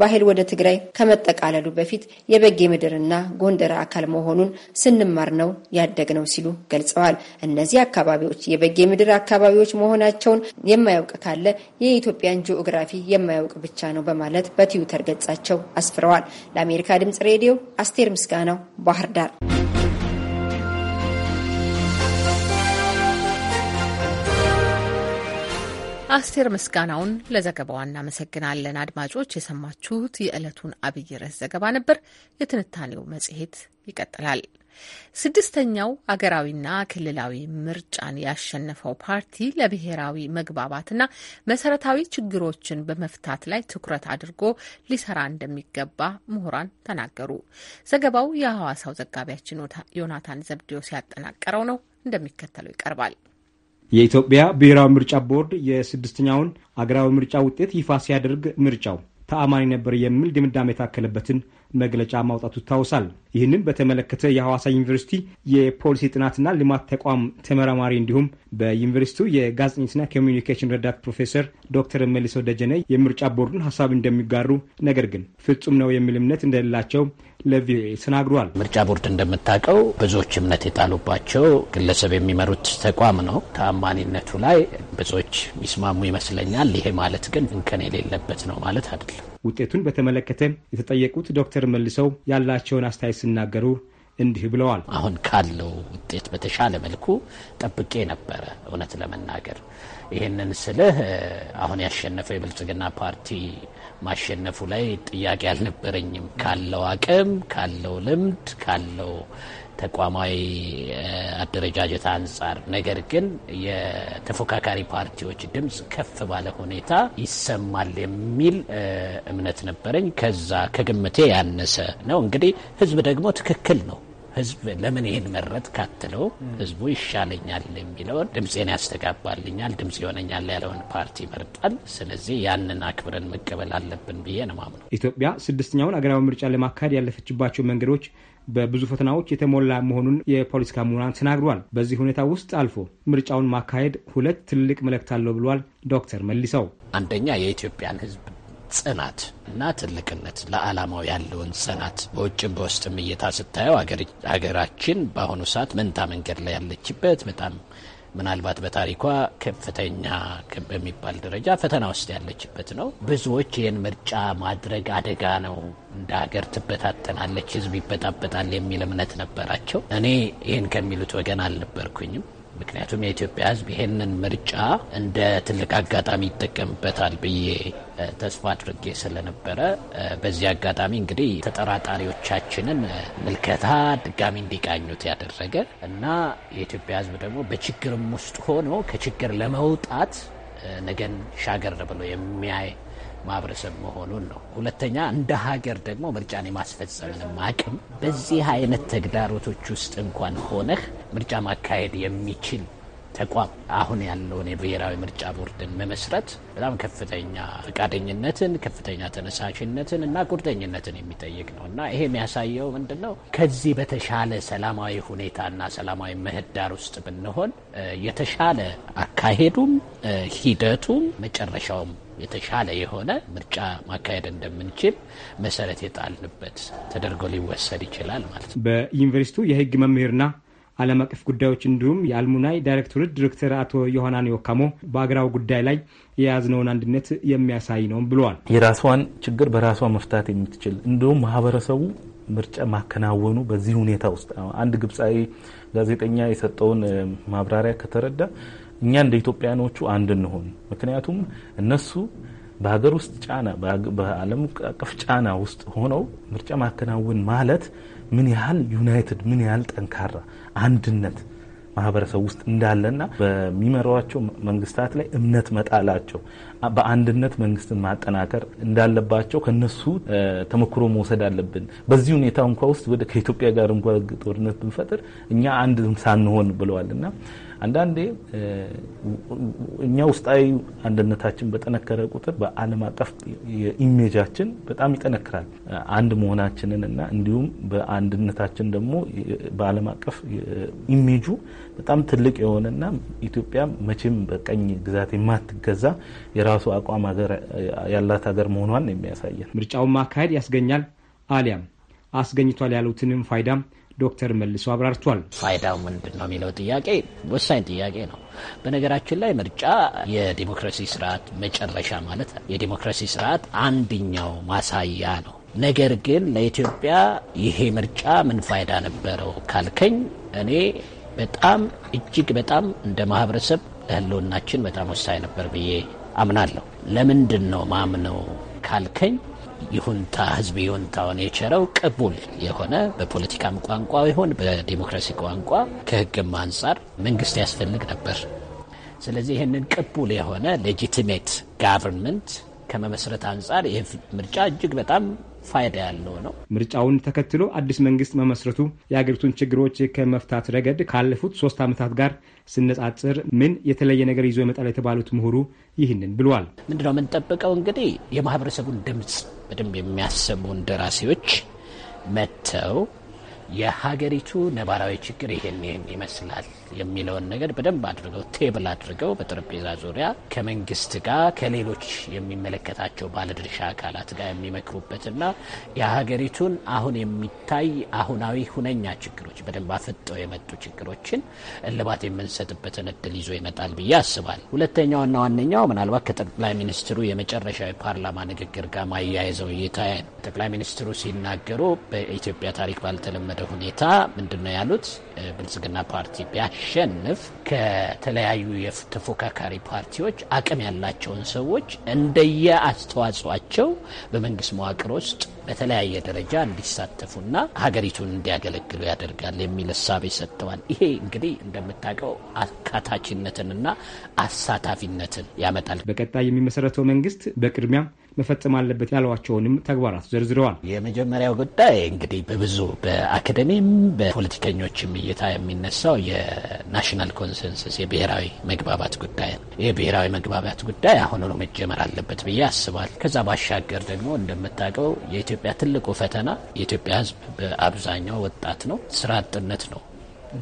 በኃይል ወደ ትግራይ ከመጠቃለሉ በፊት የበጌ ምድርና ጎንደር አካል መሆኑን ስንማር ነው ያደግነው ሲሉ ገልጸዋል። እነዚህ አካባቢዎች የበጌ ምድር አካባቢዎች መሆናቸውን የማያውቅ ካለ የኢትዮጵያን ጂኦግራፊ የማያውቅ ብቻ ነው በማለት በትዊተር ገጻቸው አስፍረዋል። ለአሜሪካ ድምጽ ሬዲዮ አስቴር ምስጋናው ባህር ዳር አስቴር ምስጋናውን ለዘገባዋ እናመሰግናለን። አድማጮች የሰማችሁት የዕለቱን አብይ ርዕስ ዘገባ ነበር። የትንታኔው መጽሔት ይቀጥላል። ስድስተኛው አገራዊና ክልላዊ ምርጫን ያሸነፈው ፓርቲ ለብሔራዊ መግባባትና መሰረታዊ ችግሮችን በመፍታት ላይ ትኩረት አድርጎ ሊሰራ እንደሚገባ ምሁራን ተናገሩ። ዘገባው የሐዋሳው ዘጋቢያችን ዮናታን ዘብዲዮ ሲያጠናቀረው ነው፣ እንደሚከተለው ይቀርባል። የኢትዮጵያ ብሔራዊ ምርጫ ቦርድ የስድስተኛውን አገራዊ ምርጫ ውጤት ይፋ ሲያደርግ ምርጫው ተአማኒ ነበር የሚል ድምዳሜ የታከለበትን መግለጫ ማውጣቱ ይታወሳል። ይህንን በተመለከተ የሐዋሳ ዩኒቨርሲቲ የፖሊሲ ጥናትና ልማት ተቋም ተመራማሪ እንዲሁም በዩኒቨርሲቲው የጋዜጠኝነትና ኮሚኒኬሽን ረዳት ፕሮፌሰር ዶክተር መልሶ ደጀነ የምርጫ ቦርዱን ሀሳብ እንደሚጋሩ ነገር ግን ፍጹም ነው የሚል እምነት እንደሌላቸው ለቪኦኤ ተናግሯል። ምርጫ ቦርድ እንደምታውቀው ብዙዎች እምነት የጣሉባቸው ግለሰብ የሚመሩት ተቋም ነው። ተአማኒነቱ ላይ ብዙዎች ሚስማሙ ይመስለኛል። ይሄ ማለት ግን እንከን የሌለበት ነው ማለት አይደለም። ውጤቱን በተመለከተ የተጠየቁት ዶክተር መልሰው ያላቸውን አስተያየት ሲናገሩ እንዲህ ብለዋል። አሁን ካለው ውጤት በተሻለ መልኩ ጠብቄ ነበረ። እውነት ለመናገር ይህንን ስልህ አሁን ያሸነፈው የብልጽግና ፓርቲ ማሸነፉ ላይ ጥያቄ አልነበረኝም። ካለው አቅም፣ ካለው ልምድ፣ ካለው ተቋማዊ አደረጃጀት አንጻር ነገር ግን የተፎካካሪ ፓርቲዎች ድምፅ ከፍ ባለ ሁኔታ ይሰማል የሚል እምነት ነበረኝ። ከዛ ከግምቴ ያነሰ ነው። እንግዲህ ህዝብ ደግሞ ትክክል ነው ህዝብ ለምን ይህን መረጥ ካትለው ህዝቡ ይሻለኛል የሚለውን ድምፄን ያስተጋባልኛል፣ ድምፅ ይሆነኛል ያለውን ፓርቲ ይመርጣል። ስለዚህ ያንን አክብረን መቀበል አለብን ብዬ ነው ማምነው። ኢትዮጵያ ስድስተኛውን አገራዊ ምርጫ ለማካሄድ ያለፈችባቸው መንገዶች በብዙ ፈተናዎች የተሞላ መሆኑን የፖለቲካ ምሁራን ተናግሯል። በዚህ ሁኔታ ውስጥ አልፎ ምርጫውን ማካሄድ ሁለት ትልቅ መልእክት አለው ብሏል ዶክተር መልሰው። አንደኛ የኢትዮጵያን ህዝብ ጽናት እና ትልቅነት ለዓላማው ያለውን ጽናት በውጭም በውስጥም እይታ ስታየው ሀገራችን በአሁኑ ሰዓት መንታ መንገድ ላይ ያለችበት በጣም ምናልባት በታሪኳ ከፍተኛ በሚባል ደረጃ ፈተና ውስጥ ያለችበት ነው። ብዙዎች ይህን ምርጫ ማድረግ አደጋ ነው፣ እንደ ሀገር ትበታተናለች፣ ህዝብ ይበጣበጣል የሚል እምነት ነበራቸው። እኔ ይህን ከሚሉት ወገን አልነበርኩኝም። ምክንያቱም የኢትዮጵያ ሕዝብ ይሄንን ምርጫ እንደ ትልቅ አጋጣሚ ይጠቀምበታል ብዬ ተስፋ አድርጌ ስለነበረ በዚህ አጋጣሚ እንግዲህ ተጠራጣሪዎቻችንን ምልከታ ድጋሚ እንዲቃኙት ያደረገ እና የኢትዮጵያ ሕዝብ ደግሞ በችግርም ውስጥ ሆኖ ከችግር ለመውጣት ነገን ሻገር ብሎ የሚያይ ማህበረሰብ መሆኑን ነው። ሁለተኛ እንደ ሀገር ደግሞ ምርጫን የማስፈጸምንም አቅም በዚህ አይነት ተግዳሮቶች ውስጥ እንኳን ሆነህ ምርጫ ማካሄድ የሚችል ተቋም አሁን ያለውን የብሔራዊ ምርጫ ቦርድን መመስረት በጣም ከፍተኛ ፈቃደኝነትን፣ ከፍተኛ ተነሳሽነትን እና ቁርጠኝነትን የሚጠይቅ ነው እና ይሄ የሚያሳየው ምንድን ነው? ከዚህ በተሻለ ሰላማዊ ሁኔታና ሰላማዊ ምህዳር ውስጥ ብንሆን የተሻለ አካሄዱም ሂደቱም መጨረሻውም የተሻለ የሆነ ምርጫ ማካሄድ እንደምንችል መሰረት የጣልንበት ተደርጎ ሊወሰድ ይችላል ማለት ነው። በዩኒቨርሲቲው የህግ መምህርና ዓለም አቀፍ ጉዳዮች እንዲሁም የአልሙናይ ዳይሬክቶሬት ዲሬክተር አቶ ዮሐናን ዮካሞ በአገራዊ ጉዳይ ላይ የያዝነውን አንድነት የሚያሳይ ነው ብለዋል። የራሷን ችግር በራሷ መፍታት የምትችል እንዲሁም ማህበረሰቡ ምርጫ ማከናወኑ በዚህ ሁኔታ ውስጥ አንድ ግብፃዊ ጋዜጠኛ የሰጠውን ማብራሪያ ከተረዳ እኛ እንደ ኢትዮጵያኖቹ አንድ እንሆን። ምክንያቱም እነሱ በሀገር ውስጥ ጫና፣ በዓለም አቀፍ ጫና ውስጥ ሆነው ምርጫ ማከናወን ማለት ምን ያህል ዩናይትድ፣ ምን ያህል ጠንካራ አንድነት ማህበረሰብ ውስጥ እንዳለና በሚመራቸው መንግስታት ላይ እምነት መጣላቸው በአንድነት መንግስትን ማጠናከር እንዳለባቸው ከነሱ ተሞክሮ መውሰድ አለብን። በዚህ ሁኔታ እንኳ ውስጥ ወደ ከኢትዮጵያ ጋር እንኳ ጦርነት ብንፈጥር እኛ አንድ ሳንሆን ብለዋል እና አንዳንዴ እኛ ውስጣዊ አንድነታችን በጠነከረ ቁጥር በዓለም አቀፍ ኢሜጃችን በጣም ይጠነክራል። አንድ መሆናችንን እና እንዲሁም በአንድነታችን ደግሞ በዓለም አቀፍ ኢሜጁ በጣም ትልቅ የሆነና ኢትዮጵያ መቼም በቀኝ ግዛት የማትገዛ የራሱ አቋም ያላት ሀገር መሆኗን የሚያሳየን ምርጫውን ማካሄድ ያስገኛል አሊያም አስገኝቷል ያሉትንም ፋይዳም ዶክተር መልሶ አብራርቷል። ፋይዳው ምንድን ነው የሚለው ጥያቄ ወሳኝ ጥያቄ ነው። በነገራችን ላይ ምርጫ የዲሞክራሲ ስርዓት መጨረሻ ማለት የዲሞክራሲ ስርዓት አንድኛው ማሳያ ነው። ነገር ግን ለኢትዮጵያ ይሄ ምርጫ ምን ፋይዳ ነበረው ካልከኝ እኔ በጣም እጅግ በጣም እንደ ማህበረሰብ ለህልውናችን በጣም ወሳኝ ነበር ብዬ አምናለሁ። ለምንድን ነው ማምነው ካልከኝ ይሁንታ ህዝብ ይሁንታውን የቸረው ቅቡል የሆነ በፖለቲካም ቋንቋ ይሁን በዲሞክራሲ ቋንቋ ከህግም አንጻር መንግስት ያስፈልግ ነበር። ስለዚህ ይህንን ቅቡል የሆነ ሌጂቲሜት ጋቨርንመንት ከመመስረት አንጻር ይህ ምርጫ እጅግ በጣም ፋይዳ ያለው ነው። ምርጫውን ተከትሎ አዲስ መንግስት መመስረቱ የአገሪቱን ችግሮች ከመፍታት ረገድ ካለፉት ሶስት ዓመታት ጋር ስነጻጽር ምን የተለየ ነገር ይዞ ይመጣል የተባሉት ምሁሩ ይህንን ብሏል። ምንድነው የምንጠብቀው? እንግዲህ የማህበረሰቡን ድምፅ በደንብ የሚያሰሙ እንደራሴዎች መጥተው የሀገሪቱ ነባራዊ ችግር ይሄን ይመስላል የሚለውን ነገር በደንብ አድርገው ቴብል አድርገው በጠረጴዛ ዙሪያ ከመንግስት ጋር ከሌሎች የሚመለከታቸው ባለድርሻ አካላት ጋር የሚመክሩበትና የሀገሪቱን አሁን የሚታይ አሁናዊ ሁነኛ ችግሮች በደንብ አፍጠው የመጡ ችግሮችን እልባት የምንሰጥበትን እድል ይዞ ይመጣል ብዬ አስባል። ሁለተኛውና ዋነኛው ምናልባት ከጠቅላይ ሚኒስትሩ የመጨረሻ ፓርላማ ንግግር ጋር ማያይዘው እይታዬ ነው። ጠቅላይ ሚኒስትሩ ሲናገሩ በኢትዮጵያ ታሪክ ባልተለመደ ሁኔታ ምንድነው ያሉት ብልጽግና ፓርቲ ቢያሸ ሲያሸንፍ ከተለያዩ ተፎካካሪ ፓርቲዎች አቅም ያላቸውን ሰዎች እንደየ አስተዋጽኦአቸው በመንግስት መዋቅር ውስጥ በተለያየ ደረጃ እንዲሳተፉና ሀገሪቱን እንዲያገለግሉ ያደርጋል የሚል እሳቤ ሰጥተዋል። ይሄ እንግዲህ እንደምታውቀው አካታችነትንና አሳታፊነትን ያመጣል። በቀጣይ የሚመሰረተው መንግስት በቅድሚያ መፈጸም አለበት ያሏቸውንም ተግባራት ዘርዝረዋል። የመጀመሪያው ጉዳይ እንግዲህ በብዙ በአካደሚም በፖለቲከኞችም እይታ የሚነሳው የናሽናል ኮንሰንሰስ የብሔራዊ መግባባት ጉዳይ ነው። ይህ ብሔራዊ መግባባት ጉዳይ አሁኑ ነው መጀመር አለበት ብዬ አስባል። ከዛ ባሻገር ደግሞ እንደምታውቀው የኢትዮጵያ ትልቁ ፈተና የኢትዮጵያ ሕዝብ በአብዛኛው ወጣት ነው። ስራ አጥነት ነው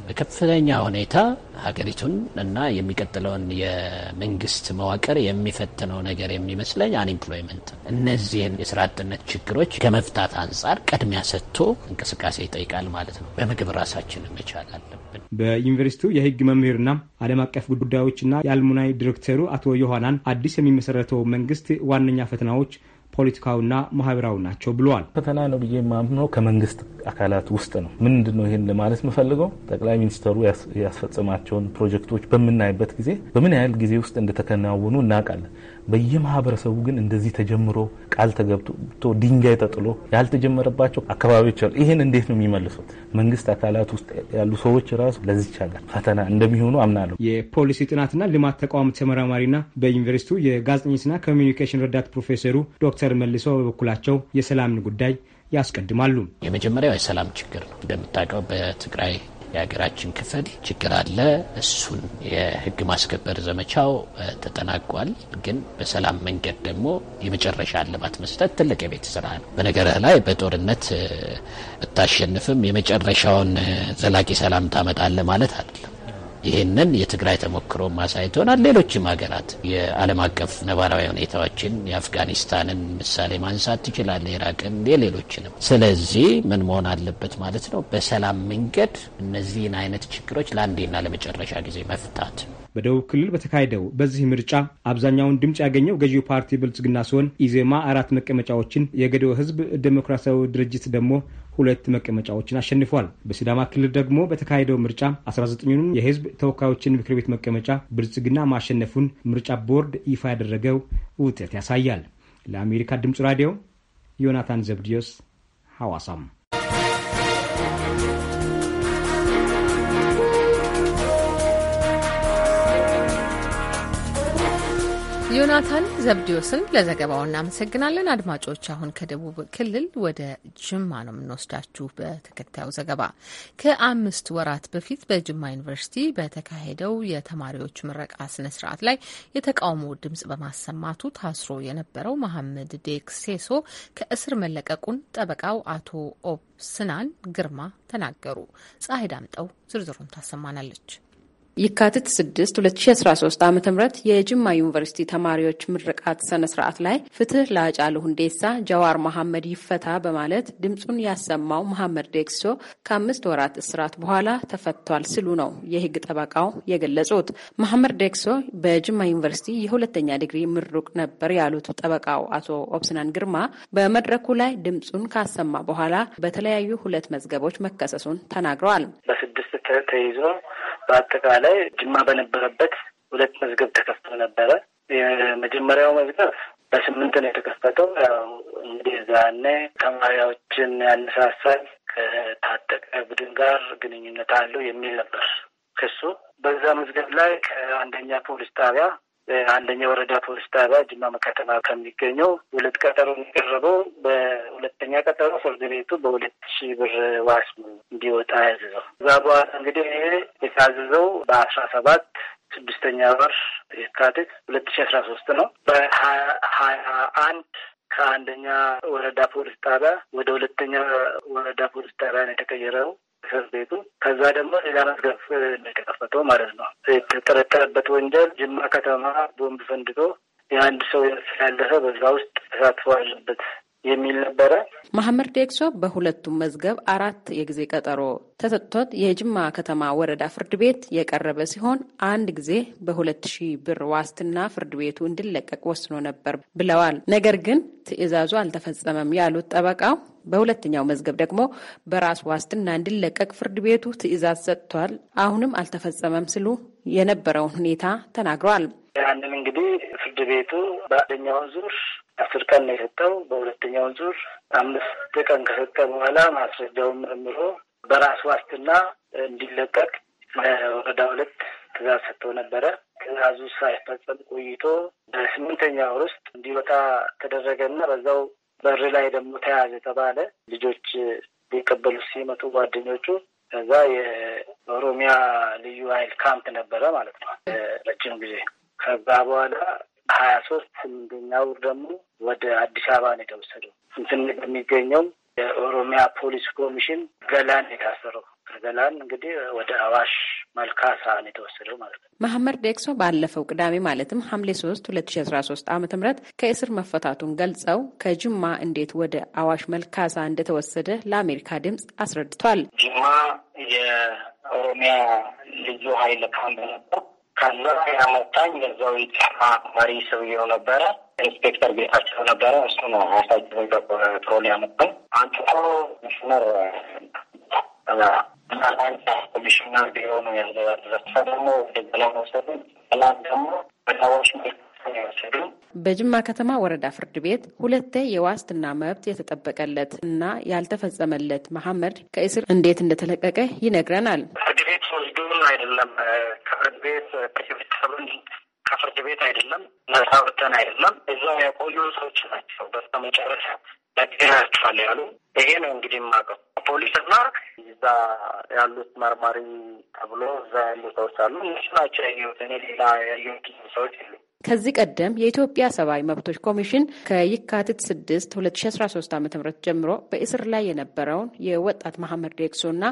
በከፍተኛ ሁኔታ ሀገሪቱን እና የሚቀጥለውን የመንግስት መዋቅር የሚፈትነው ነገር የሚመስለኝ አንኤምፕሎይመንት፣ እነዚህን የስራ አጥነት ችግሮች ከመፍታት አንጻር ቅድሚያ ሰጥቶ እንቅስቃሴ ይጠይቃል ማለት ነው። በምግብ ራሳችን መቻል አለብን። በዩኒቨርሲቲው የህግ መምህርና ዓለም አቀፍ ጉዳዮችና የአልሙናይ ዲሬክተሩ አቶ ዮሐናን አዲስ የሚመሰረተው መንግስት ዋነኛ ፈተናዎች ፖለቲካውና ማህበራዊ ናቸው ብለዋል። ፈተና ነው ብዬ የማምነው ከመንግስት አካላት ውስጥ ነው። ምንድን ነው ይህን ለማለት የምፈልገው ጠቅላይ ሚኒስተሩ ያስፈጸማቸውን ፕሮጀክቶች በምናይበት ጊዜ በምን ያህል ጊዜ ውስጥ እንደተከናወኑ እናውቃለን። በየማህበረሰቡ ግን እንደዚህ ተጀምሮ ቃል ተገብቶ ድንጋይ ተጥሎ ያልተጀመረባቸው አካባቢዎች አሉ። ይህን እንዴት ነው የሚመልሱት? መንግስት አካላት ውስጥ ያሉ ሰዎች ራሱ ለዚች ሀገር ፈተና እንደሚሆኑ አምናለሁ። የፖሊሲ ጥናትና ልማት ተቋም ተመራማሪና በዩኒቨርሲቲው የጋዜጠኝነትና ኮሚኒኬሽን ረዳት ፕሮፌሰሩ ዶክተር መልሶ በበኩላቸው የሰላምን ጉዳይ ያስቀድማሉ። የመጀመሪያው የሰላም ችግር ነው። እንደምታውቀው በትግራይ የሀገራችን ክፍል ችግር አለ። እሱን የህግ ማስከበር ዘመቻው ተጠናቋል። ግን በሰላም መንገድ ደግሞ የመጨረሻ እልባት መስጠት ትልቅ የቤት ስራ ነው። በነገርህ ላይ በጦርነት ብታሸንፍም የመጨረሻውን ዘላቂ ሰላም ታመጣለህ ማለት አይደለም። ይህንን የትግራይ ተሞክሮ ማሳየት ይሆናል። ሌሎችም ሀገራት የዓለም አቀፍ ነባራዊ ሁኔታዎችን የአፍጋኒስታንን ምሳሌ ማንሳት ትችላለ፣ ኢራቅን፣ የሌሎችንም። ስለዚህ ምን መሆን አለበት ማለት ነው? በሰላም መንገድ እነዚህን አይነት ችግሮች ለአንዴና ለመጨረሻ ጊዜ መፍታት። በደቡብ ክልል በተካሄደው በዚህ ምርጫ አብዛኛውን ድምፅ ያገኘው ገዢው ፓርቲ ብልጽግና ሲሆን ኢዜማ አራት መቀመጫዎችን የገዶ ህዝብ ዴሞክራሲያዊ ድርጅት ደግሞ ሁለት መቀመጫዎችን አሸንፏል። በሲዳማ ክልል ደግሞ በተካሄደው ምርጫ 19ኙንም የህዝብ ተወካዮችን ምክር ቤት መቀመጫ ብልጽግና ማሸነፉን ምርጫ ቦርድ ይፋ ያደረገው ውጤት ያሳያል። ለአሜሪካ ድምፅ ራዲዮ ዮናታን ዘብዲዮስ ሐዋሳም ዮናታን ዘብዲዮስን ለዘገባው እናመሰግናለን። አድማጮች አሁን ከደቡብ ክልል ወደ ጅማ ነው የምንወስዳችሁ። በተከታዩ ዘገባ ከአምስት ወራት በፊት በጅማ ዩኒቨርሲቲ በተካሄደው የተማሪዎች ምረቃ ስነ ስርዓት ላይ የተቃውሞ ድምጽ በማሰማቱ ታስሮ የነበረው መሐመድ ሴሶ ከእስር መለቀቁን ጠበቃው አቶ ኦብስናን ግርማ ተናገሩ። ፀሐይ ዳምጠው ዝርዝሩን ታሰማናለች። የካቲት 6 2013 ዓ ም የጅማ ዩኒቨርሲቲ ተማሪዎች ምርቃት ስነ ስርዓት ላይ ፍትህ ለአጫሉ ሁንዴሳ ጀዋር መሐመድ ይፈታ በማለት ድምፁን ያሰማው መሐመድ ዴክሶ ከአምስት ወራት እስራት በኋላ ተፈቷል ሲሉ ነው የህግ ጠበቃው የገለጹት። መሐመድ ዴክሶ በጅማ ዩኒቨርሲቲ የሁለተኛ ዲግሪ ምሩቅ ነበር ያሉት ጠበቃው አቶ ኦብስናን ግርማ በመድረኩ ላይ ድምፁን ካሰማ በኋላ በተለያዩ ሁለት መዝገቦች መከሰሱን ተናግረዋል። በስድስት ተይዞ በአጠቃላይ ጅማ በነበረበት ሁለት መዝገብ ተከፍቶ ነበረ። የመጀመሪያው መዝገብ በስምንት ነው የተከፈተው። እንግዲህ ዛኔ ተማሪዎችን ያነሳሳል፣ ከታጠቀ ቡድን ጋር ግንኙነት አለው የሚል ነበር ክሱ። በዛ መዝገብ ላይ ከአንደኛ ፖሊስ ጣቢያ አንደኛ ወረዳ ፖሊስ ጣቢያ ጅማ መከተማ ከሚገኘው ሁለት ቀጠሮ የቀረበው በሁለተኛ ቀጠሮ ፍርድ ቤቱ በሁለት ሺህ ብር ዋስ እንዲወጣ ያዘዘው። እዛ በኋላ እንግዲህ ይሄ የታዘዘው በአስራ ሰባት ስድስተኛ ወር የካቲት ሁለት ሺህ አስራ ሶስት ነው በሀያ አንድ ከአንደኛ ወረዳ ፖሊስ ጣቢያ ወደ ሁለተኛ ወረዳ ፖሊስ ጣቢያ ነው የተቀየረው። እስር ቤቱ ከዛ ደግሞ ሌላ መዝገብ እንደተከፈተው ማለት ነው። የተጠረጠረበት ወንጀል ጅማ ከተማ ቦምብ ፈንድቶ የአንድ ሰው ያለፈ በዛ ውስጥ ተሳትፎ አለበት የሚል ነበረ። መሐመድ ዴክሶ በሁለቱም መዝገብ አራት የጊዜ ቀጠሮ ተሰጥቶት የጅማ ከተማ ወረዳ ፍርድ ቤት የቀረበ ሲሆን አንድ ጊዜ በሁለት ሺህ ብር ዋስትና ፍርድ ቤቱ እንዲለቀቅ ወስኖ ነበር ብለዋል። ነገር ግን ትዕዛዙ አልተፈጸመም ያሉት ጠበቃው በሁለተኛው መዝገብ ደግሞ በራስ ዋስትና እንዲለቀቅ ፍርድ ቤቱ ትዕዛዝ ሰጥቷል፣ አሁንም አልተፈጸመም ሲሉ የነበረውን ሁኔታ ተናግረዋል። ያንን እንግዲህ ፍርድ ቤቱ በአንደኛው ዙር አስር ቀን ነው የሰጠው። በሁለተኛው ዙር አምስት ቀን ከሰጠ በኋላ ማስረጃውን መርምሮ በራስ ዋስትና እንዲለቀቅ ወረዳ ሁለት ትእዛዝ ሰጥተው ነበረ። ትእዛዙ ሳይፈጸም ቆይቶ በስምንተኛ ወር ውስጥ እንዲወጣ ተደረገና በዛው በር ላይ ደግሞ ተያዘ ተባለ። ልጆች ሊቀበሉ ሲመጡ ጓደኞቹ ከዛ የኦሮሚያ ልዩ ኃይል ካምፕ ነበረ ማለት ነው ረጅም ጊዜ ከዛ በኋላ ሀያ ሶስት ስምንተኛው ደግሞ ወደ አዲስ አበባ ነው የተወሰደው። ስንትነት የሚገኘው የኦሮሚያ ፖሊስ ኮሚሽን ገላን የታሰረው ከገላን እንግዲህ ወደ አዋሽ መልካሳ ነው የተወሰደው ማለት ነው። መሐመድ ዴክሶ ባለፈው ቅዳሜ ማለትም ሐምሌ ሶስት ሁለት ሺ አስራ ሶስት ዓመተ ምህረት ከእስር መፈታቱን ገልጸው ከጅማ እንዴት ወደ አዋሽ መልካሳ እንደተወሰደ ለአሜሪካ ድምፅ አስረድቷል። ጅማ የኦሮሚያ ልዩ ኃይል ካምፕ ነበር። ከዛ ያመጣኝ በዛው የጫማ መሪ ሰውየው ነበረ። ኢንስፔክተር ጌታቸው ነበረ። እሱ ነው አሳጅ በትሮል ያመጣኝ። አንጥቶ ሚሽነር ኮሚሽነር ቢሮ ነው ያዘረሰ ደግሞ ገላ መውሰዱ ላም ደግሞ በታዋሽ በጅማ ከተማ ወረዳ ፍርድ ቤት ሁለቴ የዋስትና መብት የተጠበቀለት እና ያልተፈጸመለት መሐመድ ከእስር እንዴት እንደተለቀቀ ይነግረናል። ፍርድ ቤት ከህዝብም አይደለም ከፍርድ ቤት ቤተሰብን ከፍርድ ቤት አይደለም ነጻ ወጥተን አይደለም እዛ የቆዩ ሰዎች ናቸው። በስተ መጨረሻ ለግናችኋል ያሉ ይሄ ነው እንግዲህ የማውቀው ፖሊስና እዛ ያሉት መርማሪ ተብሎ እዛ ያሉ ሰዎች አሉ። እነሱ ናቸው ያየሁት። እኔ ሌላ ያየሁት ሰዎች የሉም። ከዚህ ቀደም የኢትዮጵያ ሰብአዊ መብቶች ኮሚሽን ከይካትት 6 2013 ዓ ም ጀምሮ በእስር ላይ የነበረውን የወጣት መሐመድ ዴክሶና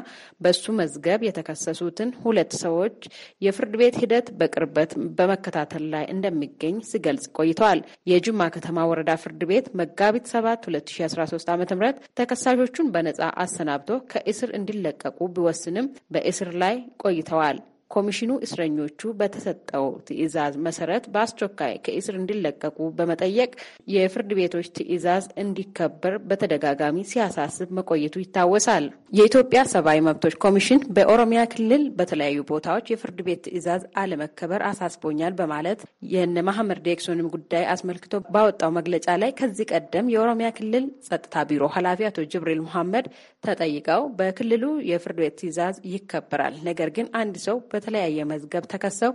በሱ መዝገብ የተከሰሱትን ሁለት ሰዎች የፍርድ ቤት ሂደት በቅርበት በመከታተል ላይ እንደሚገኝ ሲገልጽ ቆይተዋል። የጅማ ከተማ ወረዳ ፍርድ ቤት መጋቢት 7 2013 ዓ ም ተከሳሾቹን በነጻ አሰናብቶ ከእስር እንዲለቀቁ ቢወስንም በእስር ላይ ቆይተዋል። ኮሚሽኑ እስረኞቹ በተሰጠው ትዕዛዝ መሰረት በአስቸኳይ ከእስር እንዲለቀቁ በመጠየቅ የፍርድ ቤቶች ትዕዛዝ እንዲከበር በተደጋጋሚ ሲያሳስብ መቆየቱ ይታወሳል። የኢትዮጵያ ሰብአዊ መብቶች ኮሚሽን በኦሮሚያ ክልል በተለያዩ ቦታዎች የፍርድ ቤት ትዕዛዝ አለመከበር አሳስቦኛል በማለት የነ መሐመድ ዴክሶንም ጉዳይ አስመልክቶ ባወጣው መግለጫ ላይ ከዚህ ቀደም የኦሮሚያ ክልል ጸጥታ ቢሮ ኃላፊ አቶ ጅብሪል ሙሐመድ ተጠይቀው በክልሉ የፍርድ ቤት ትዕዛዝ ይከበራል፣ ነገር ግን አንድ ሰው በተለያየ መዝገብ ተከሰው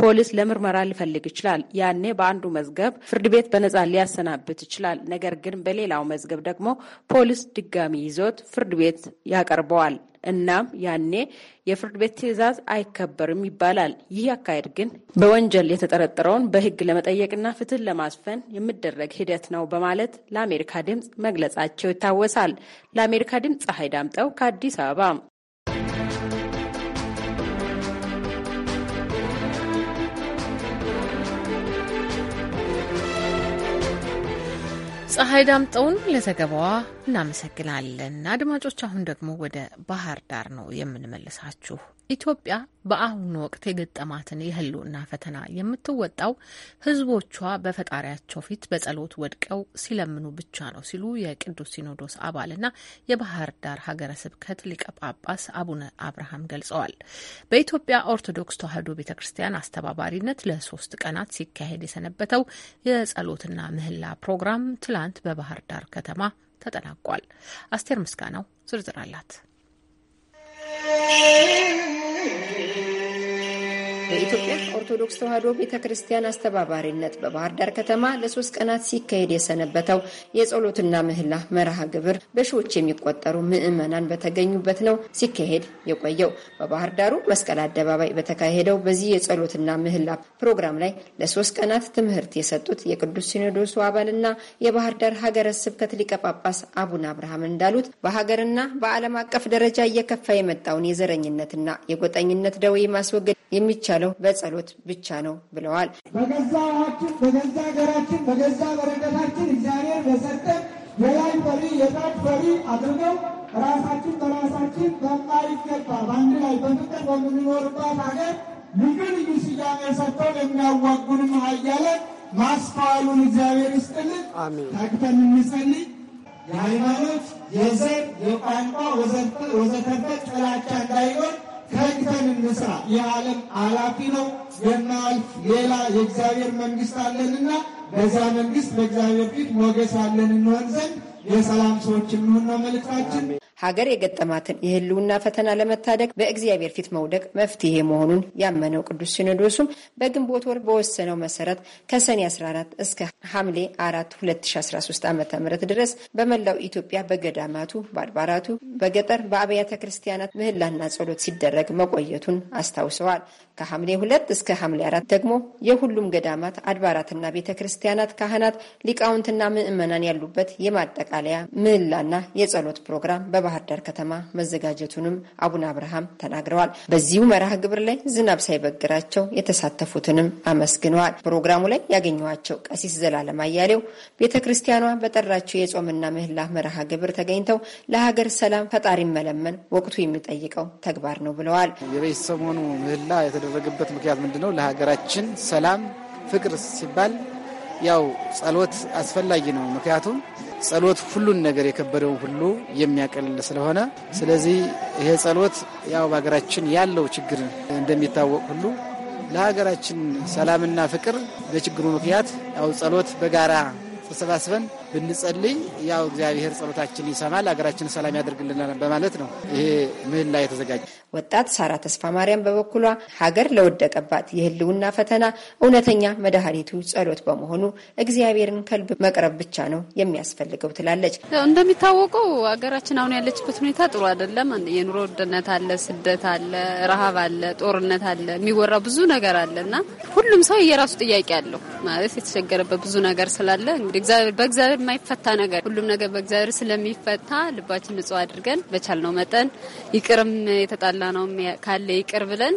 ፖሊስ ለምርመራ ሊፈልግ ይችላል። ያኔ በአንዱ መዝገብ ፍርድ ቤት በነጻ ሊያሰናብት ይችላል። ነገር ግን በሌላው መዝገብ ደግሞ ፖሊስ ድጋሚ ይዞት ፍርድ ቤት ያቀርበዋል። እናም ያኔ የፍርድ ቤት ትዕዛዝ አይከበርም ይባላል። ይህ አካሄድ ግን በወንጀል የተጠረጠረውን በሕግ ለመጠየቅና ፍትህ ለማስፈን የሚደረግ ሂደት ነው በማለት ለአሜሪካ ድምፅ መግለጻቸው ይታወሳል። ለአሜሪካ ድምፅ ፀሐይ ዳምጠው ከአዲስ አበባ ፀሐይ ዳምጠውን ለዘገባዋ እናመሰግናለን። አድማጮች፣ አሁን ደግሞ ወደ ባህር ዳር ነው የምንመልሳችሁ። ኢትዮጵያ በአሁኑ ወቅት የገጠማትን የህልውና ፈተና የምትወጣው ህዝቦቿ በፈጣሪያቸው ፊት በጸሎት ወድቀው ሲለምኑ ብቻ ነው ሲሉ የቅዱስ ሲኖዶስ አባልና የባህር ዳር ሀገረ ስብከት ሊቀ ጳጳስ አቡነ አብርሃም ገልጸዋል። በኢትዮጵያ ኦርቶዶክስ ተዋሕዶ ቤተ ክርስቲያን አስተባባሪነት ለሶስት ቀናት ሲካሄድ የሰነበተው የጸሎትና ምህላ ፕሮግራም ትላንት በባህር ዳር ከተማ ተጠናቋል። አስቴር ምስጋናው ዝርዝር አላት። የኢትዮጵያ ኦርቶዶክስ ተዋሕዶ ቤተ ክርስቲያን አስተባባሪነት በባህር ዳር ከተማ ለሶስት ቀናት ሲካሄድ የሰነበተው የጸሎትና ምህላ መርሃ ግብር በሺዎች የሚቆጠሩ ምዕመናን በተገኙበት ነው ሲካሄድ የቆየው። በባህር ዳሩ መስቀል አደባባይ በተካሄደው በዚህ የጸሎትና ምህላ ፕሮግራም ላይ ለሶስት ቀናት ትምህርት የሰጡት የቅዱስ ሲኖዶሱ አባልና የባህር ዳር ሀገረ ስብከት ሊቀ ጳጳስ አቡነ አብርሃም እንዳሉት በሀገርና በዓለም አቀፍ ደረጃ እየከፋ የመጣውን የዘረኝነትና የጎጠኝነት ደዌ ማስወገድ የሚቻለው በጸሎት ብቻ ነው ብለዋል። በገዛ ሀገራችን በገዛ በረከታችን እግዚአብሔር በሰጠን የላይ ፈሪ የታች ፈሪ አድርገው ራሳችን በራሳችን በማይገባ በአንድ ላይ በፍቅር በምንኖርባት ሀገር ልዩ ልዩ ስያሜ ሰጥተው የሚያዋጉንም ኃያላን ማስተዋሉን እግዚአብሔር ይስጥልን። ተግተን እንጸልይ። የሃይማኖት የዘር የቋንቋ ወዘተበት ጥላቻ እንዳይሆን ተግተን እንስራ። ይህ አላፊ ነው፣ የማያልፍ ሌላ የእግዚአብሔር መንግስት አለንና በዛ መንግስት በእግዚአብሔር ፊት ሞገስ ያለን እንሆን ዘንድ የሰላም ሰዎች እንሆን ነው መልእክታችን። ሀገር የገጠማትን የህልውና ፈተና ለመታደግ በእግዚአብሔር ፊት መውደቅ መፍትሄ መሆኑን ያመነው ቅዱስ ሲኖዶሱም በግንቦት ወር በወሰነው መሰረት ከሰኔ 14 እስከ ሐምሌ 4 2013 ዓ ም ድረስ በመላው ኢትዮጵያ በገዳማቱ፣ በአድባራቱ፣ በገጠር በአብያተ ክርስቲያናት ምህላና ጸሎት ሲደረግ መቆየቱን አስታውሰዋል። ከሐምሌ 2 እስከ ሐምሌ 4 ደግሞ የሁሉም ገዳማት አድባራትና ቤተ ክርስቲያናት ካህናት፣ ሊቃውንትና ምዕመናን ያሉበት የማጠቃለያ ምህላና የጸሎት ፕሮግራም በባ በባህር ዳር ከተማ መዘጋጀቱንም አቡነ አብርሃም ተናግረዋል። በዚሁ መርሃ ግብር ላይ ዝናብ ሳይበግራቸው የተሳተፉትንም አመስግነዋል። ፕሮግራሙ ላይ ያገኘኋቸው ቀሲስ ዘላለም አያሌው ቤተ ክርስቲያኗ በጠራቸው የጾምና ምህላ መርሃ ግብር ተገኝተው ለሀገር ሰላም ፈጣሪ መለመን ወቅቱ የሚጠይቀው ተግባር ነው ብለዋል። የቤት ሰሞኑ ምህላ የተደረገበት ምክንያት ምንድነው? ለሀገራችን ሰላም ፍቅር ሲባል ያው ጸሎት አስፈላጊ ነው። ምክንያቱም ጸሎት ሁሉን ነገር የከበደው ሁሉ የሚያቀል ስለሆነ፣ ስለዚህ ይሄ ጸሎት ያው በሀገራችን ያለው ችግር እንደሚታወቅ ሁሉ ለሀገራችን ሰላምና ፍቅር በችግሩ ምክንያት ያው ጸሎት በጋራ ተሰባስበን ብንጸልይ ያው እግዚአብሔር ጸሎታችን ይሰማል፣ ሀገራችን ሰላም ያደርግልናል በማለት ነው ይሄ ላይ የተዘጋጀ። ወጣት ሳራ ተስፋ ማርያም በበኩሏ ሀገር ለወደቀባት የህልውና ፈተና እውነተኛ መድኃኒቱ ጸሎት በመሆኑ እግዚአብሔርን ከልብ መቅረብ ብቻ ነው የሚያስፈልገው ትላለች። እንደሚታወቀው ሀገራችን አሁን ያለችበት ሁኔታ ጥሩ አይደለም። የኑሮ ውድነት አለ፣ ስደት አለ፣ ረሃብ አለ፣ ጦርነት አለ፣ የሚወራ ብዙ ነገር አለ እና ሁሉም ሰው የራሱ ጥያቄ አለው ማለት የተቸገረበት ብዙ ነገር ስላለ እንግዲህ በእግዚአብሔር የማይፈታ ነገር ሁሉም ነገር በእግዚአብሔር ስለሚፈታ ልባችን ንጹህ አድርገን በቻልነው መጠን ይቅርም የተጣላ ነው ካለ ይቅር ብለን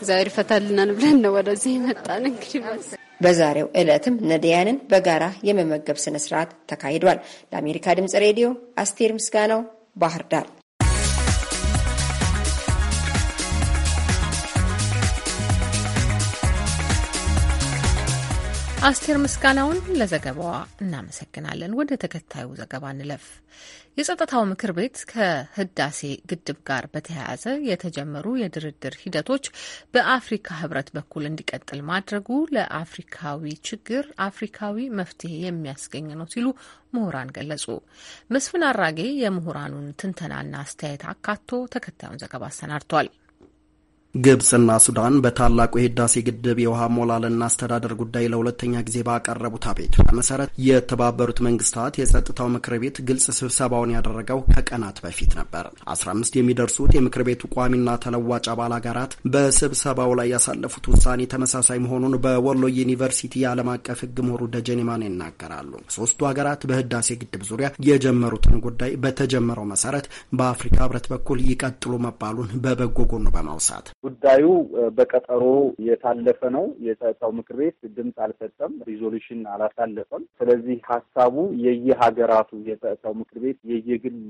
እግዚአብሔር ይፈታልናል ብለን ነው ወደዚህ የመጣን። እንግዲህ በዛሬው ዕለትም ነዳያንን በጋራ የመመገብ ስነስርዓት ተካሂዷል። ለአሜሪካ ድምጽ ሬዲዮ አስቴር ምስጋናው ባህር ዳር አስቴር ምስጋናውን ለዘገባዋ እናመሰግናለን። ወደ ተከታዩ ዘገባ እንለፍ። የጸጥታው ምክር ቤት ከህዳሴ ግድብ ጋር በተያያዘ የተጀመሩ የድርድር ሂደቶች በአፍሪካ ህብረት በኩል እንዲቀጥል ማድረጉ ለአፍሪካዊ ችግር አፍሪካዊ መፍትሄ የሚያስገኝ ነው ሲሉ ምሁራን ገለጹ። መስፍን አራጌ የምሁራኑን ትንተናና አስተያየት አካቶ ተከታዩን ዘገባ አሰናድቷል። ግብጽና ሱዳን በታላቁ የህዳሴ ግድብ የውሃ ሞላልና አስተዳደር ጉዳይ ለሁለተኛ ጊዜ ባቀረቡት አቤቱታ መሰረት የተባበሩት መንግስታት የጸጥታው ምክር ቤት ግልጽ ስብሰባውን ያደረገው ከቀናት በፊት ነበር። አስራ አምስት የሚደርሱት የምክር ቤቱ ቋሚና ተለዋጭ አባል ሀገራት በስብሰባው ላይ ያሳለፉት ውሳኔ ተመሳሳይ መሆኑን በወሎ ዩኒቨርሲቲ የዓለም አቀፍ ህግ ምሁሩ ደጀኔማን ይናገራሉ። ሶስቱ ሀገራት በህዳሴ ግድብ ዙሪያ የጀመሩትን ጉዳይ በተጀመረው መሰረት በአፍሪካ ህብረት በኩል ይቀጥሉ መባሉን በበጎ ጎኑ በማውሳት ጉዳዩ በቀጠሮ የታለፈ ነው። የጸጥታው ምክር ቤት ድምፅ አልሰጠም፣ ሪዞሉሽን አላሳለፈም። ስለዚህ ሀሳቡ የየሀገራቱ የጸጥታው ምክር ቤት የየግል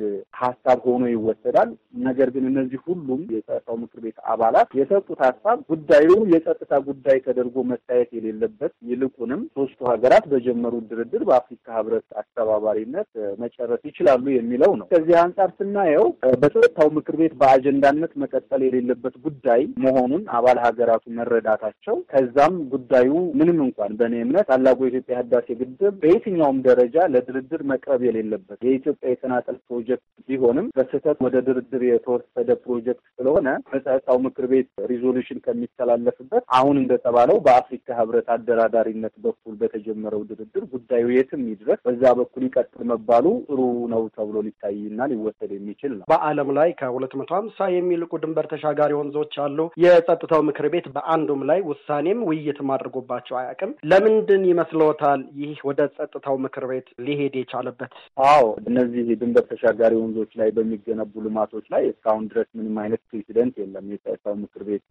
ሀሳብ ሆኖ ይወሰዳል። ነገር ግን እነዚህ ሁሉም የጸጥታው ምክር ቤት አባላት የሰጡት ሀሳብ ጉዳዩ የጸጥታ ጉዳይ ተደርጎ መታየት የሌለበት ይልቁንም ሶስቱ ሀገራት በጀመሩት ድርድር በአፍሪካ ህብረት አስተባባሪነት መጨረስ ይችላሉ የሚለው ነው። ከዚህ አንጻር ስናየው በጸጥታው ምክር ቤት በአጀንዳነት መቀጠል የሌለበት ጉዳይ ጉዳይ መሆኑን አባል ሀገራቱ መረዳታቸው ከዛም ጉዳዩ ምንም እንኳን በእኔ እምነት ታላቁ የኢትዮጵያ ህዳሴ ግድብ በየትኛውም ደረጃ ለድርድር መቅረብ የሌለበት የኢትዮጵያ የተናጠል ፕሮጀክት ቢሆንም በስህተት ወደ ድርድር የተወሰደ ፕሮጀክት ስለሆነ በጸጥታው ምክር ቤት ሪዞሉሽን ከሚተላለፍበት አሁን እንደተባለው በአፍሪካ ህብረት አደራዳሪነት በኩል በተጀመረው ድርድር ጉዳዩ የትም ይድረስ በዛ በኩል ይቀጥል መባሉ ጥሩ ነው ተብሎ ሊታይና ሊወሰድ የሚችል ነው። በዓለም ላይ ከሁለት መቶ ሀምሳ የሚልቁ ድንበር ተሻጋሪ ወንዞች አሉ። የጸጥታው ምክር ቤት በአንዱም ላይ ውሳኔም ውይይትም አድርጎባቸው አያውቅም። ለምንድን ይመስለዎታል ይህ ወደ ጸጥታው ምክር ቤት ሊሄድ የቻለበት? አዎ እነዚህ ድንበር ተሻጋሪ ወንዞች ላይ በሚገነቡ ልማቶች ላይ እስካሁን ድረስ ምንም አይነት ፕሬሲደንት የለም። የጸጥታው ምክር ቤት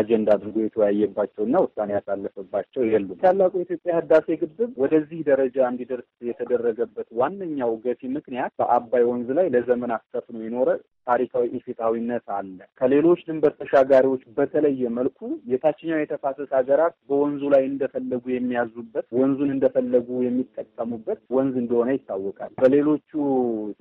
አጀንዳ አድርጎ የተወያየባቸውና ውሳኔ ያሳለፈባቸው የሉም። ታላቁ የኢትዮጵያ ህዳሴ ግድብ ወደዚህ ደረጃ እንዲደርስ የተደረገበት ዋነኛው ገፊ ምክንያት በአባይ ወንዝ ላይ ለዘመናት ሰፍኖ የኖረ ታሪካዊ ኢፍትሐዊነት አለ። ከሌሎች ድንበር ተሻጋሪ ተሻጋሪዎች በተለየ መልኩ የታችኛው የተፋሰስ ሀገራት በወንዙ ላይ እንደፈለጉ የሚያዙበት፣ ወንዙን እንደፈለጉ የሚጠቀሙበት ወንዝ እንደሆነ ይታወቃል። በሌሎቹ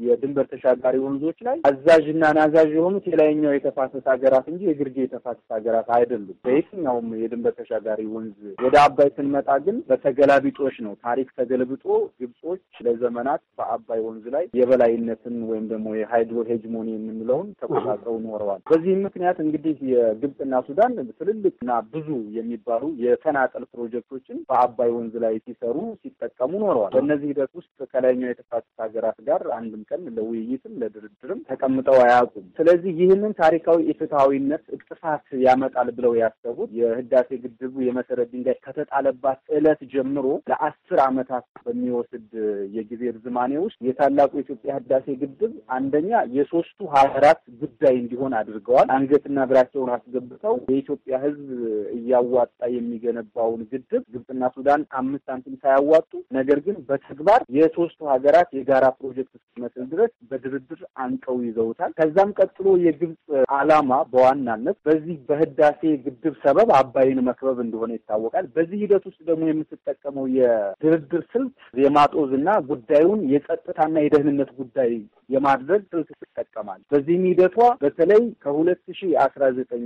የድንበር ተሻጋሪ ወንዞች ላይ አዛዥና ናዛዥ የሆኑት የላይኛው የተፋሰስ ሀገራት እንጂ የግርጌ የተፋሰስ ሀገራት አይደሉም። በየትኛውም የድንበር ተሻጋሪ ወንዝ ወደ አባይ ስንመጣ ግን በተገላቢጦች ነው። ታሪክ ተገልብጦ ግብጾች ለዘመናት በአባይ ወንዝ ላይ የበላይነትን ወይም ደግሞ የሃይድሮ ሄጅሞኒ የምንለውን ተቆጣጥረው ኖረዋል። በዚህም ምክንያት እንግዲህ ግብፅና ሱዳን ትልልቅ ብዙ የሚባሉ የተናጠል ፕሮጀክቶችን በአባይ ወንዝ ላይ ሲሰሩ ሲጠቀሙ ኖረዋል። በእነዚህ ሂደት ውስጥ ከላይኛው የተፋሰስ ሀገራት ጋር አንድም ቀን ለውይይትም ለድርድርም ተቀምጠው አያውቁም። ስለዚህ ይህንን ታሪካዊ የፍትሐዊነት እቅፋት ያመጣል ብለው ያሰቡት የህዳሴ ግድቡ የመሰረት ድንጋይ ከተጣለባት እለት ጀምሮ ለአስር ዓመታት በሚወስድ የጊዜ ርዝማኔ ውስጥ የታላቁ የኢትዮጵያ ህዳሴ ግድብ አንደኛ የሶስቱ ሀገራት ጉዳይ እንዲሆን አድርገዋል። አንገትና እግራቸውን አስገብተው የኢትዮጵያ ሕዝብ እያዋጣ የሚገነባውን ግድብ ግብጽና ሱዳን አምስት ሳንቲም ሳያዋጡ ነገር ግን በተግባር የሶስቱ ሀገራት የጋራ ፕሮጀክት እስኪመስል ድረስ በድርድር አንቀው ይዘውታል። ከዛም ቀጥሎ የግብጽ ዓላማ በዋናነት በዚህ በህዳሴ ግድብ ሰበብ አባይን መክበብ እንደሆነ ይታወቃል። በዚህ ሂደት ውስጥ ደግሞ የምትጠቀመው የድርድር ስልት የማጦዝ ጉዳዩን የጸጥታና የደህንነት ጉዳይ የማድረግ ስልት ትጠቀማል። በዚህም ሂደቷ በተለይ ከሁለት ሺህ አስራ ዘጠኝ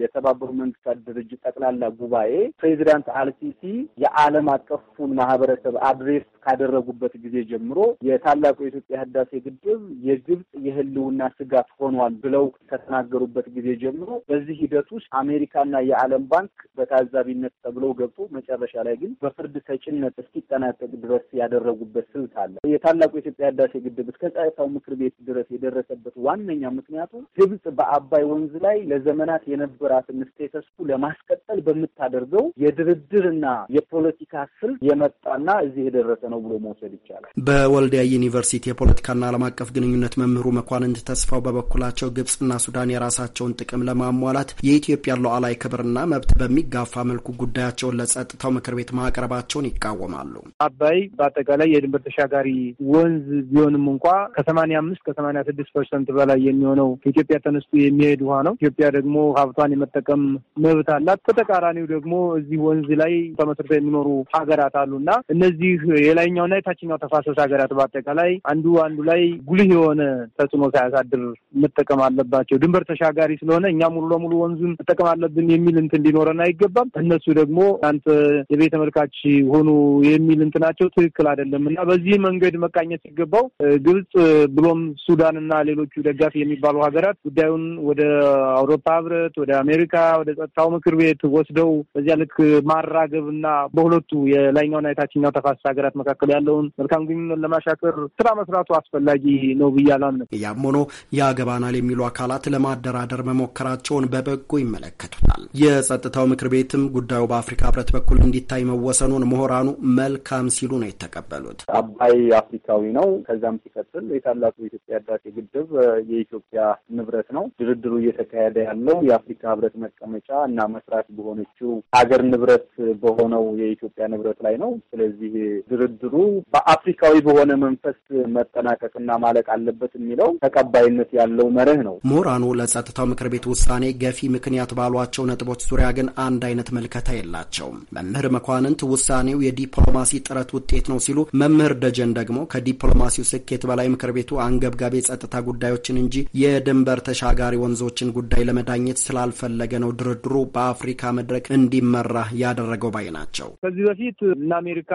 የተባበሩ መንግስታት ድርጅት ጠቅላላ ጉባኤ ፕሬዚዳንት አልሲሲ የዓለም አቀፉን ማህበረሰብ አድሬስ ካደረጉበት ጊዜ ጀምሮ የታላቁ የኢትዮጵያ ህዳሴ ግድብ የግብፅ የህልውና ስጋት ሆኗል ብለው ከተናገሩበት ጊዜ ጀምሮ በዚህ ሂደት ውስጥ አሜሪካና የዓለም ባንክ በታዛቢነት ተብለው ገብቶ መጨረሻ ላይ ግን በፍርድ ሰጭነት እስኪጠናቀቅ ድረስ ያደረጉበት ስልት አለ። የታላቁ የኢትዮጵያ ህዳሴ ግድብ እስከ ጸጥታው ምክር ቤት ድረስ የደረሰበት ዋነኛ ምክንያቱ ግብፅ በአባይ ወንዝ ላይ ለዘመና ለዘመናት የነበራትን ስቴተስ ለማስቀጠል በምታደርገው የድርድርና የፖለቲካ ስል የመጣና እዚህ የደረሰ ነው ብሎ መውሰድ ይቻላል። በወልዲያ ዩኒቨርሲቲ የፖለቲካና ዓለም አቀፍ ግንኙነት መምህሩ መኳንንት ተስፋው በበኩላቸው ግብጽና ሱዳን የራሳቸውን ጥቅም ለማሟላት የኢትዮጵያ ሉዓላዊ ክብርና መብት በሚጋፋ መልኩ ጉዳያቸውን ለጸጥታው ምክር ቤት ማቅረባቸውን ይቃወማሉ። አባይ በአጠቃላይ የድንበር ተሻጋሪ ወንዝ ቢሆንም እንኳ ከሰማንያ አምስት ከሰማንያ ስድስት ፐርሰንት በላይ የሚሆነው ከኢትዮጵያ ተነስቶ የሚሄድ ውሃ ነው። ኢትዮጵያ ደግሞ ደግሞ ሀብቷን የመጠቀም መብት አላት። በተቃራኒው ደግሞ እዚህ ወንዝ ላይ ተመስርተው የሚኖሩ ሀገራት አሉ እና እነዚህ የላይኛውና የታችኛው ተፋሰስ ሀገራት በአጠቃላይ አንዱ አንዱ ላይ ጉልህ የሆነ ተጽዕኖ ሳያሳድር መጠቀም አለባቸው። ድንበር ተሻጋሪ ስለሆነ እኛ ሙሉ ለሙሉ ወንዙን መጠቀም አለብን የሚል እንትን ሊኖረን አይገባም። እነሱ ደግሞ አንተ የቤት ተመልካች ሆኑ የሚል እንትናቸው ትክክል አይደለም እና በዚህ መንገድ መቃኘት ሲገባው ግብጽ ብሎም ሱዳን እና ሌሎቹ ደጋፊ የሚባሉ ሀገራት ጉዳዩን ወደ አውሮፓ ህብረት፣ ወደ አሜሪካ፣ ወደ ጸጥታው ምክር ቤት ወስደው በዚያ ልክ ማራገብ እና በሁለቱ የላይኛውና የታችኛው ተፋሰስ ሀገራት መካከል ያለውን መልካም ግንኙነት ለማሻከር ስራ መስራቱ አስፈላጊ ነው ብያ ያም ሆኖ ያገባናል የሚሉ አካላት ለማደራደር መሞከራቸውን በበጎ ይመለከቱታል። የጸጥታው ምክር ቤትም ጉዳዩ በአፍሪካ ህብረት በኩል እንዲታይ መወሰኑን ምሁራኑ መልካም ሲሉ ነው የተቀበሉት። አባይ አፍሪካዊ ነው። ከዛም ሲቀጥል የታላቁ የኢትዮጵያ ህዳሴ ግድብ የኢትዮጵያ ንብረት ነው። ድርድሩ እየተካሄደ ያለው የሚኖረው የአፍሪካ ህብረት መቀመጫ እና መስራት በሆነችው ሀገር ንብረት በሆነው የኢትዮጵያ ንብረት ላይ ነው። ስለዚህ ድርድሩ በአፍሪካዊ በሆነ መንፈስ መጠናቀቅና ማለቅ አለበት የሚለው ተቀባይነት ያለው መርህ ነው። ምሁራኑ ለጸጥታው ምክር ቤት ውሳኔ ገፊ ምክንያት ባሏቸው ነጥቦች ዙሪያ ግን አንድ አይነት መልከታ የላቸውም። መምህር መኳንንት ውሳኔው የዲፕሎማሲ ጥረት ውጤት ነው ሲሉ፣ መምህር ደጀን ደግሞ ከዲፕሎማሲው ስኬት በላይ ምክር ቤቱ አንገብጋቢ የጸጥታ ጉዳዮችን እንጂ የድንበር ተሻጋሪ ወንዞችን ጉዳይ ለመዳኝ ማግኘት ስላልፈለገ ነው ድርድሩ በአፍሪካ መድረክ እንዲመራ ያደረገው ባይ ናቸው። ከዚህ በፊት እነ አሜሪካ፣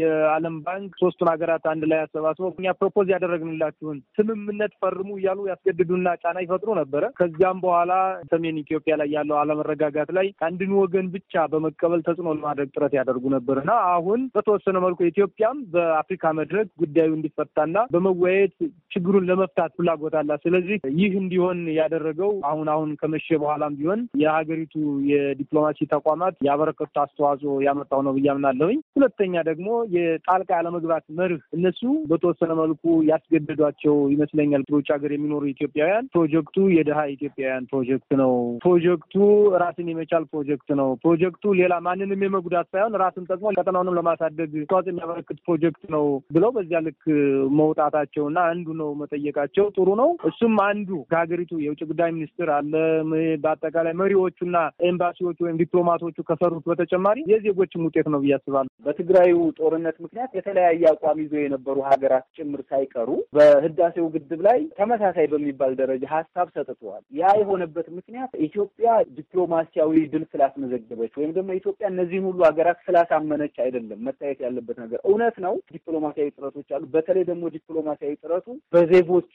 የዓለም ባንክ ሶስቱን ሀገራት አንድ ላይ አሰባስበው እኛ ፕሮፖዝ ያደረግንላችሁን ስምምነት ፈርሙ እያሉ ያስገድዱና ጫና ይፈጥሩ ነበረ። ከዚያም በኋላ ሰሜን ኢትዮጵያ ላይ ያለው አለመረጋጋት ላይ አንድን ወገን ብቻ በመቀበል ተጽዕኖ ለማድረግ ጥረት ያደርጉ ነበር እና አሁን በተወሰነ መልኩ ኢትዮጵያም በአፍሪካ መድረክ ጉዳዩ እንዲፈታና በመወያየት ችግሩን ለመፍታት ፍላጎት አላት። ስለዚህ ይህ እንዲሆን ያደረገው አሁን አሁን ከመ ከመሸ በኋላም ቢሆን የሀገሪቱ የዲፕሎማሲ ተቋማት ያበረከቱት አስተዋጽኦ ያመጣው ነው ብዬ አምናለሁኝ። ሁለተኛ ደግሞ የጣልቃ ያለመግባት መርህ እነሱ በተወሰነ መልኩ ያስገደዷቸው ይመስለኛል። ውጭ ሀገር የሚኖሩ ኢትዮጵያውያን ፕሮጀክቱ የድሀ ኢትዮጵያውያን ፕሮጀክት ነው፣ ፕሮጀክቱ ራስን የመቻል ፕሮጀክት ነው፣ ፕሮጀክቱ ሌላ ማንንም የመጉዳት ሳይሆን ራስን ጠቅሞ ቀጠናውንም ለማሳደግ አስተዋጽኦ የሚያበረክት ፕሮጀክት ነው ብለው በዚያ ልክ እና አንዱ ነው መጠየቃቸው ጥሩ ነው። እሱም አንዱ ከሀገሪቱ የውጭ ጉዳይ ሚኒስትር አለ በአጠቃላይ መሪዎቹና ኤምባሲዎቹ ወይም ዲፕሎማቶቹ ከሰሩት በተጨማሪ የዜጎችም ውጤት ነው ብዬ አስባለሁ። በትግራዩ ጦርነት ምክንያት የተለያየ አቋም ይዞ የነበሩ ሀገራት ጭምር ሳይቀሩ በህዳሴው ግድብ ላይ ተመሳሳይ በሚባል ደረጃ ሀሳብ ሰጥተዋል። ያ የሆነበት ምክንያት ኢትዮጵያ ዲፕሎማሲያዊ ድል ስላስመዘገበች ወይም ደግሞ ኢትዮጵያ እነዚህን ሁሉ ሀገራት ስላሳመነች አይደለም። መታየት ያለበት ነገር እውነት ነው፣ ዲፕሎማሲያዊ ጥረቶች አሉ። በተለይ ደግሞ ዲፕሎማሲያዊ ጥረቱ በዜጎች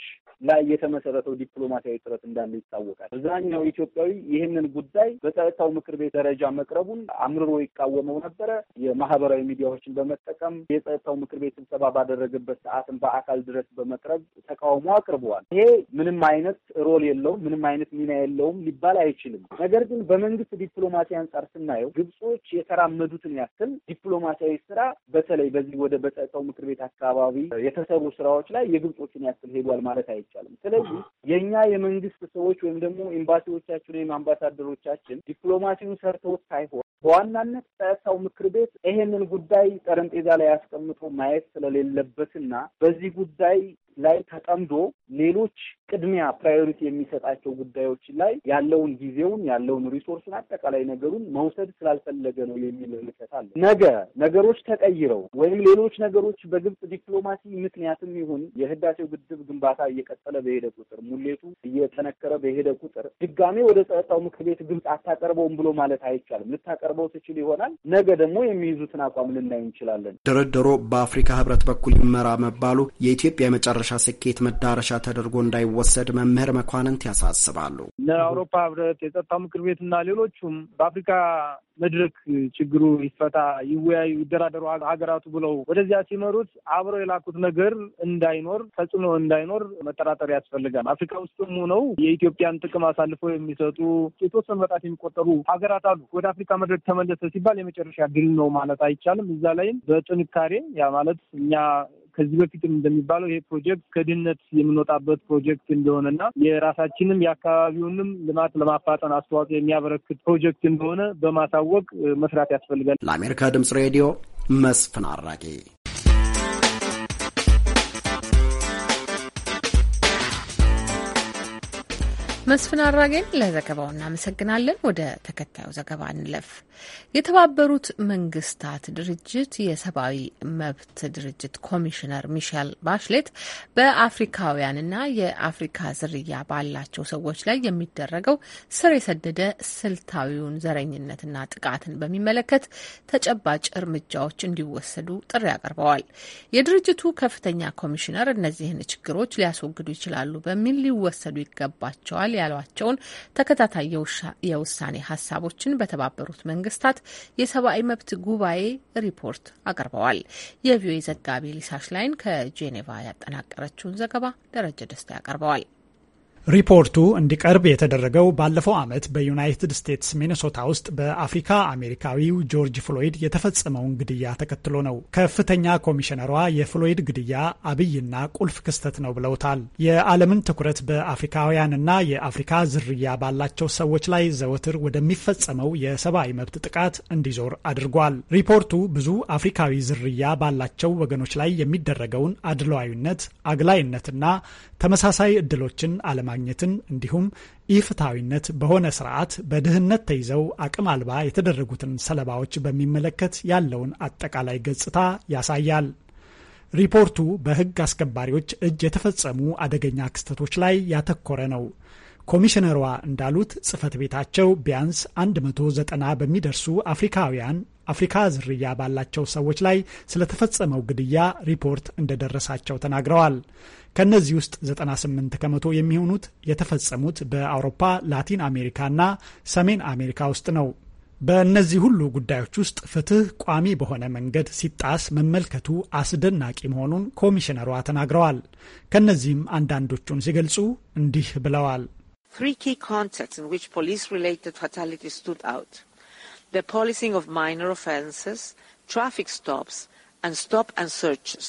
ላይ የተመሰረተው ዲፕሎማሲያዊ ጥረት እንዳለ ይታወቃል። አብዛኛው ኢትዮጵያዊ ይህንን ጉዳይ በጸጥታው ምክር ቤት ደረጃ መቅረቡን አምርሮ ይቃወመው ነበረ። የማህበራዊ ሚዲያዎችን በመጠቀም የጸጥታው ምክር ቤት ስብሰባ ባደረገበት ሰዓትም በአካል ድረስ በመቅረብ ተቃውሞ አቅርበዋል። ይሄ ምንም አይነት ሮል የለውም፣ ምንም አይነት ሚና የለውም ሊባል አይችልም። ነገር ግን በመንግስት ዲፕሎማሲ አንጻር ስናየው ግብጾች የተራመዱትን ያክል ዲፕሎማሲያዊ ስራ በተለይ በዚህ ወደ በጸጥታው ምክር ቤት አካባቢ የተሰሩ ስራዎች ላይ የግብጾችን ያክል ሄዷል ማለት አይቻልም። ስለዚህ የእኛ የመንግስት ሰዎች ወይም ደግሞ ኤምባሲዎች ሚኒስትሮቻችን ወይም አምባሳደሮቻችን ዲፕሎማሲውን ሰርተው ሳይሆን በዋናነት ጸጥታው ምክር ቤት ይሄንን ጉዳይ ጠረጴዛ ላይ አስቀምጦ ማየት ስለሌለበትና በዚህ ጉዳይ ላይ ተጠምዶ ሌሎች ቅድሚያ ፕራዮሪቲ የሚሰጣቸው ጉዳዮች ላይ ያለውን ጊዜውን ያለውን ሪሶርሱን አጠቃላይ ነገሩን መውሰድ ስላልፈለገ ነው የሚል ምልከት አለ። ነገ ነገሮች ተቀይረው ወይም ሌሎች ነገሮች በግብጽ ዲፕሎማሲ ምክንያትም ይሁን የህዳሴው ግድብ ግንባታ እየቀጠለ በሄደ ቁጥር ሙሌቱ እየጠነከረ በሄደ ቁጥር ድጋሜ ወደ ጸጥታው ምክር ቤት ግብጽ አታቀርበውም ብሎ ማለት አይቻልም። ልታቀርበው ትችል ይሆናል። ነገ ደግሞ የሚይዙትን አቋም ልናይ እንችላለን። ድርድሮ በአፍሪካ ህብረት በኩል ይመራ መባሉ የኢትዮጵያ የመጨረሻ ስኬት መዳረሻ ተደርጎ እንዳይወ እንደሚወሰድ መምህር መኳንንት ያሳስባሉ። ለአውሮፓ ህብረት፣ የጸጥታው ምክር ቤት እና ሌሎቹም በአፍሪካ መድረክ ችግሩ ይፈታ፣ ይወያዩ፣ ይደራደሩ ሀገራቱ ብለው ወደዚያ ሲመሩት አብረው የላኩት ነገር እንዳይኖር ተጽዕኖ እንዳይኖር መጠራጠር ያስፈልጋል። አፍሪካ ውስጥም ሆነው የኢትዮጵያን ጥቅም አሳልፈው የሚሰጡ የተወሰኑ በጣት የሚቆጠሩ ሀገራት አሉ። ወደ አፍሪካ መድረክ ተመለሰ ሲባል የመጨረሻ ድል ነው ማለት አይቻልም። እዛ ላይም በጥንካሬ ያ ማለት እኛ ከዚህ በፊትም እንደሚባለው ይሄ ፕሮጀክት ከድህነት የምንወጣበት ፕሮጀክት እንደሆነና የራሳችንም የአካባቢውንም ልማት ለማፋጠን አስተዋጽኦ የሚያበረክት ፕሮጀክት እንደሆነ በማሳወቅ መስራት ያስፈልጋል። ለአሜሪካ ድምጽ ሬዲዮ መስፍን አራጌ መስፍን አራጌን ለዘገባው እናመሰግናለን። ወደ ተከታዩ ዘገባ እንለፍ። የተባበሩት መንግስታት ድርጅት የሰብአዊ መብት ድርጅት ኮሚሽነር ሚሼል ባሽሌት በአፍሪካውያንና የአፍሪካ ዝርያ ባላቸው ሰዎች ላይ የሚደረገው ስር የሰደደ ስልታዊውን ዘረኝነትና ጥቃትን በሚመለከት ተጨባጭ እርምጃዎች እንዲወሰዱ ጥሪ አቅርበዋል። የድርጅቱ ከፍተኛ ኮሚሽነር እነዚህን ችግሮች ሊያስወግዱ ይችላሉ በሚል ሊወሰዱ ይገባቸዋል ያሏቸውን ተከታታይ የውሳኔ ሀሳቦችን በተባበሩት መንግስታት የሰብአዊ መብት ጉባኤ ሪፖርት አቅርበዋል። የቪኦኤ ዘጋቢ ሊሳሽ ላይን ከጄኔቫ ያጠናቀረችውን ዘገባ ደረጀ ደስታ ያቀርበዋል። ሪፖርቱ እንዲቀርብ የተደረገው ባለፈው ዓመት በዩናይትድ ስቴትስ ሚኒሶታ ውስጥ በአፍሪካ አሜሪካዊው ጆርጅ ፍሎይድ የተፈጸመውን ግድያ ተከትሎ ነው። ከፍተኛ ኮሚሽነሯ የፍሎይድ ግድያ አብይና ቁልፍ ክስተት ነው ብለውታል። የዓለምን ትኩረት በአፍሪካውያንና የአፍሪካ ዝርያ ባላቸው ሰዎች ላይ ዘወትር ወደሚፈጸመው የሰብአዊ መብት ጥቃት እንዲዞር አድርጓል። ሪፖርቱ ብዙ አፍሪካዊ ዝርያ ባላቸው ወገኖች ላይ የሚደረገውን አድለዋዊነት አግላይነትና ተመሳሳይ እድሎችን አለ። ማግኘትን እንዲሁም ኢፍትሐዊነት በሆነ ስርዓት በድህነት ተይዘው አቅም አልባ የተደረጉትን ሰለባዎች በሚመለከት ያለውን አጠቃላይ ገጽታ ያሳያል። ሪፖርቱ በሕግ አስከባሪዎች እጅ የተፈጸሙ አደገኛ ክስተቶች ላይ ያተኮረ ነው። ኮሚሽነሯ እንዳሉት ጽህፈት ቤታቸው ቢያንስ 190 በሚደርሱ አፍሪካውያን አፍሪካ ዝርያ ባላቸው ሰዎች ላይ ስለተፈጸመው ግድያ ሪፖርት እንደደረሳቸው ተናግረዋል። ከእነዚህ ውስጥ 98 ከመቶ የሚሆኑት የተፈጸሙት በአውሮፓ፣ ላቲን አሜሪካና ሰሜን አሜሪካ ውስጥ ነው። በእነዚህ ሁሉ ጉዳዮች ውስጥ ፍትህ ቋሚ በሆነ መንገድ ሲጣስ መመልከቱ አስደናቂ መሆኑን ኮሚሽነሯ ተናግረዋል። ከእነዚህም አንዳንዶቹን ሲገልጹ እንዲህ ብለዋል። Three key contexts in which police-related fatalities stood out. The policing of minor traffic stops, and stop and searches.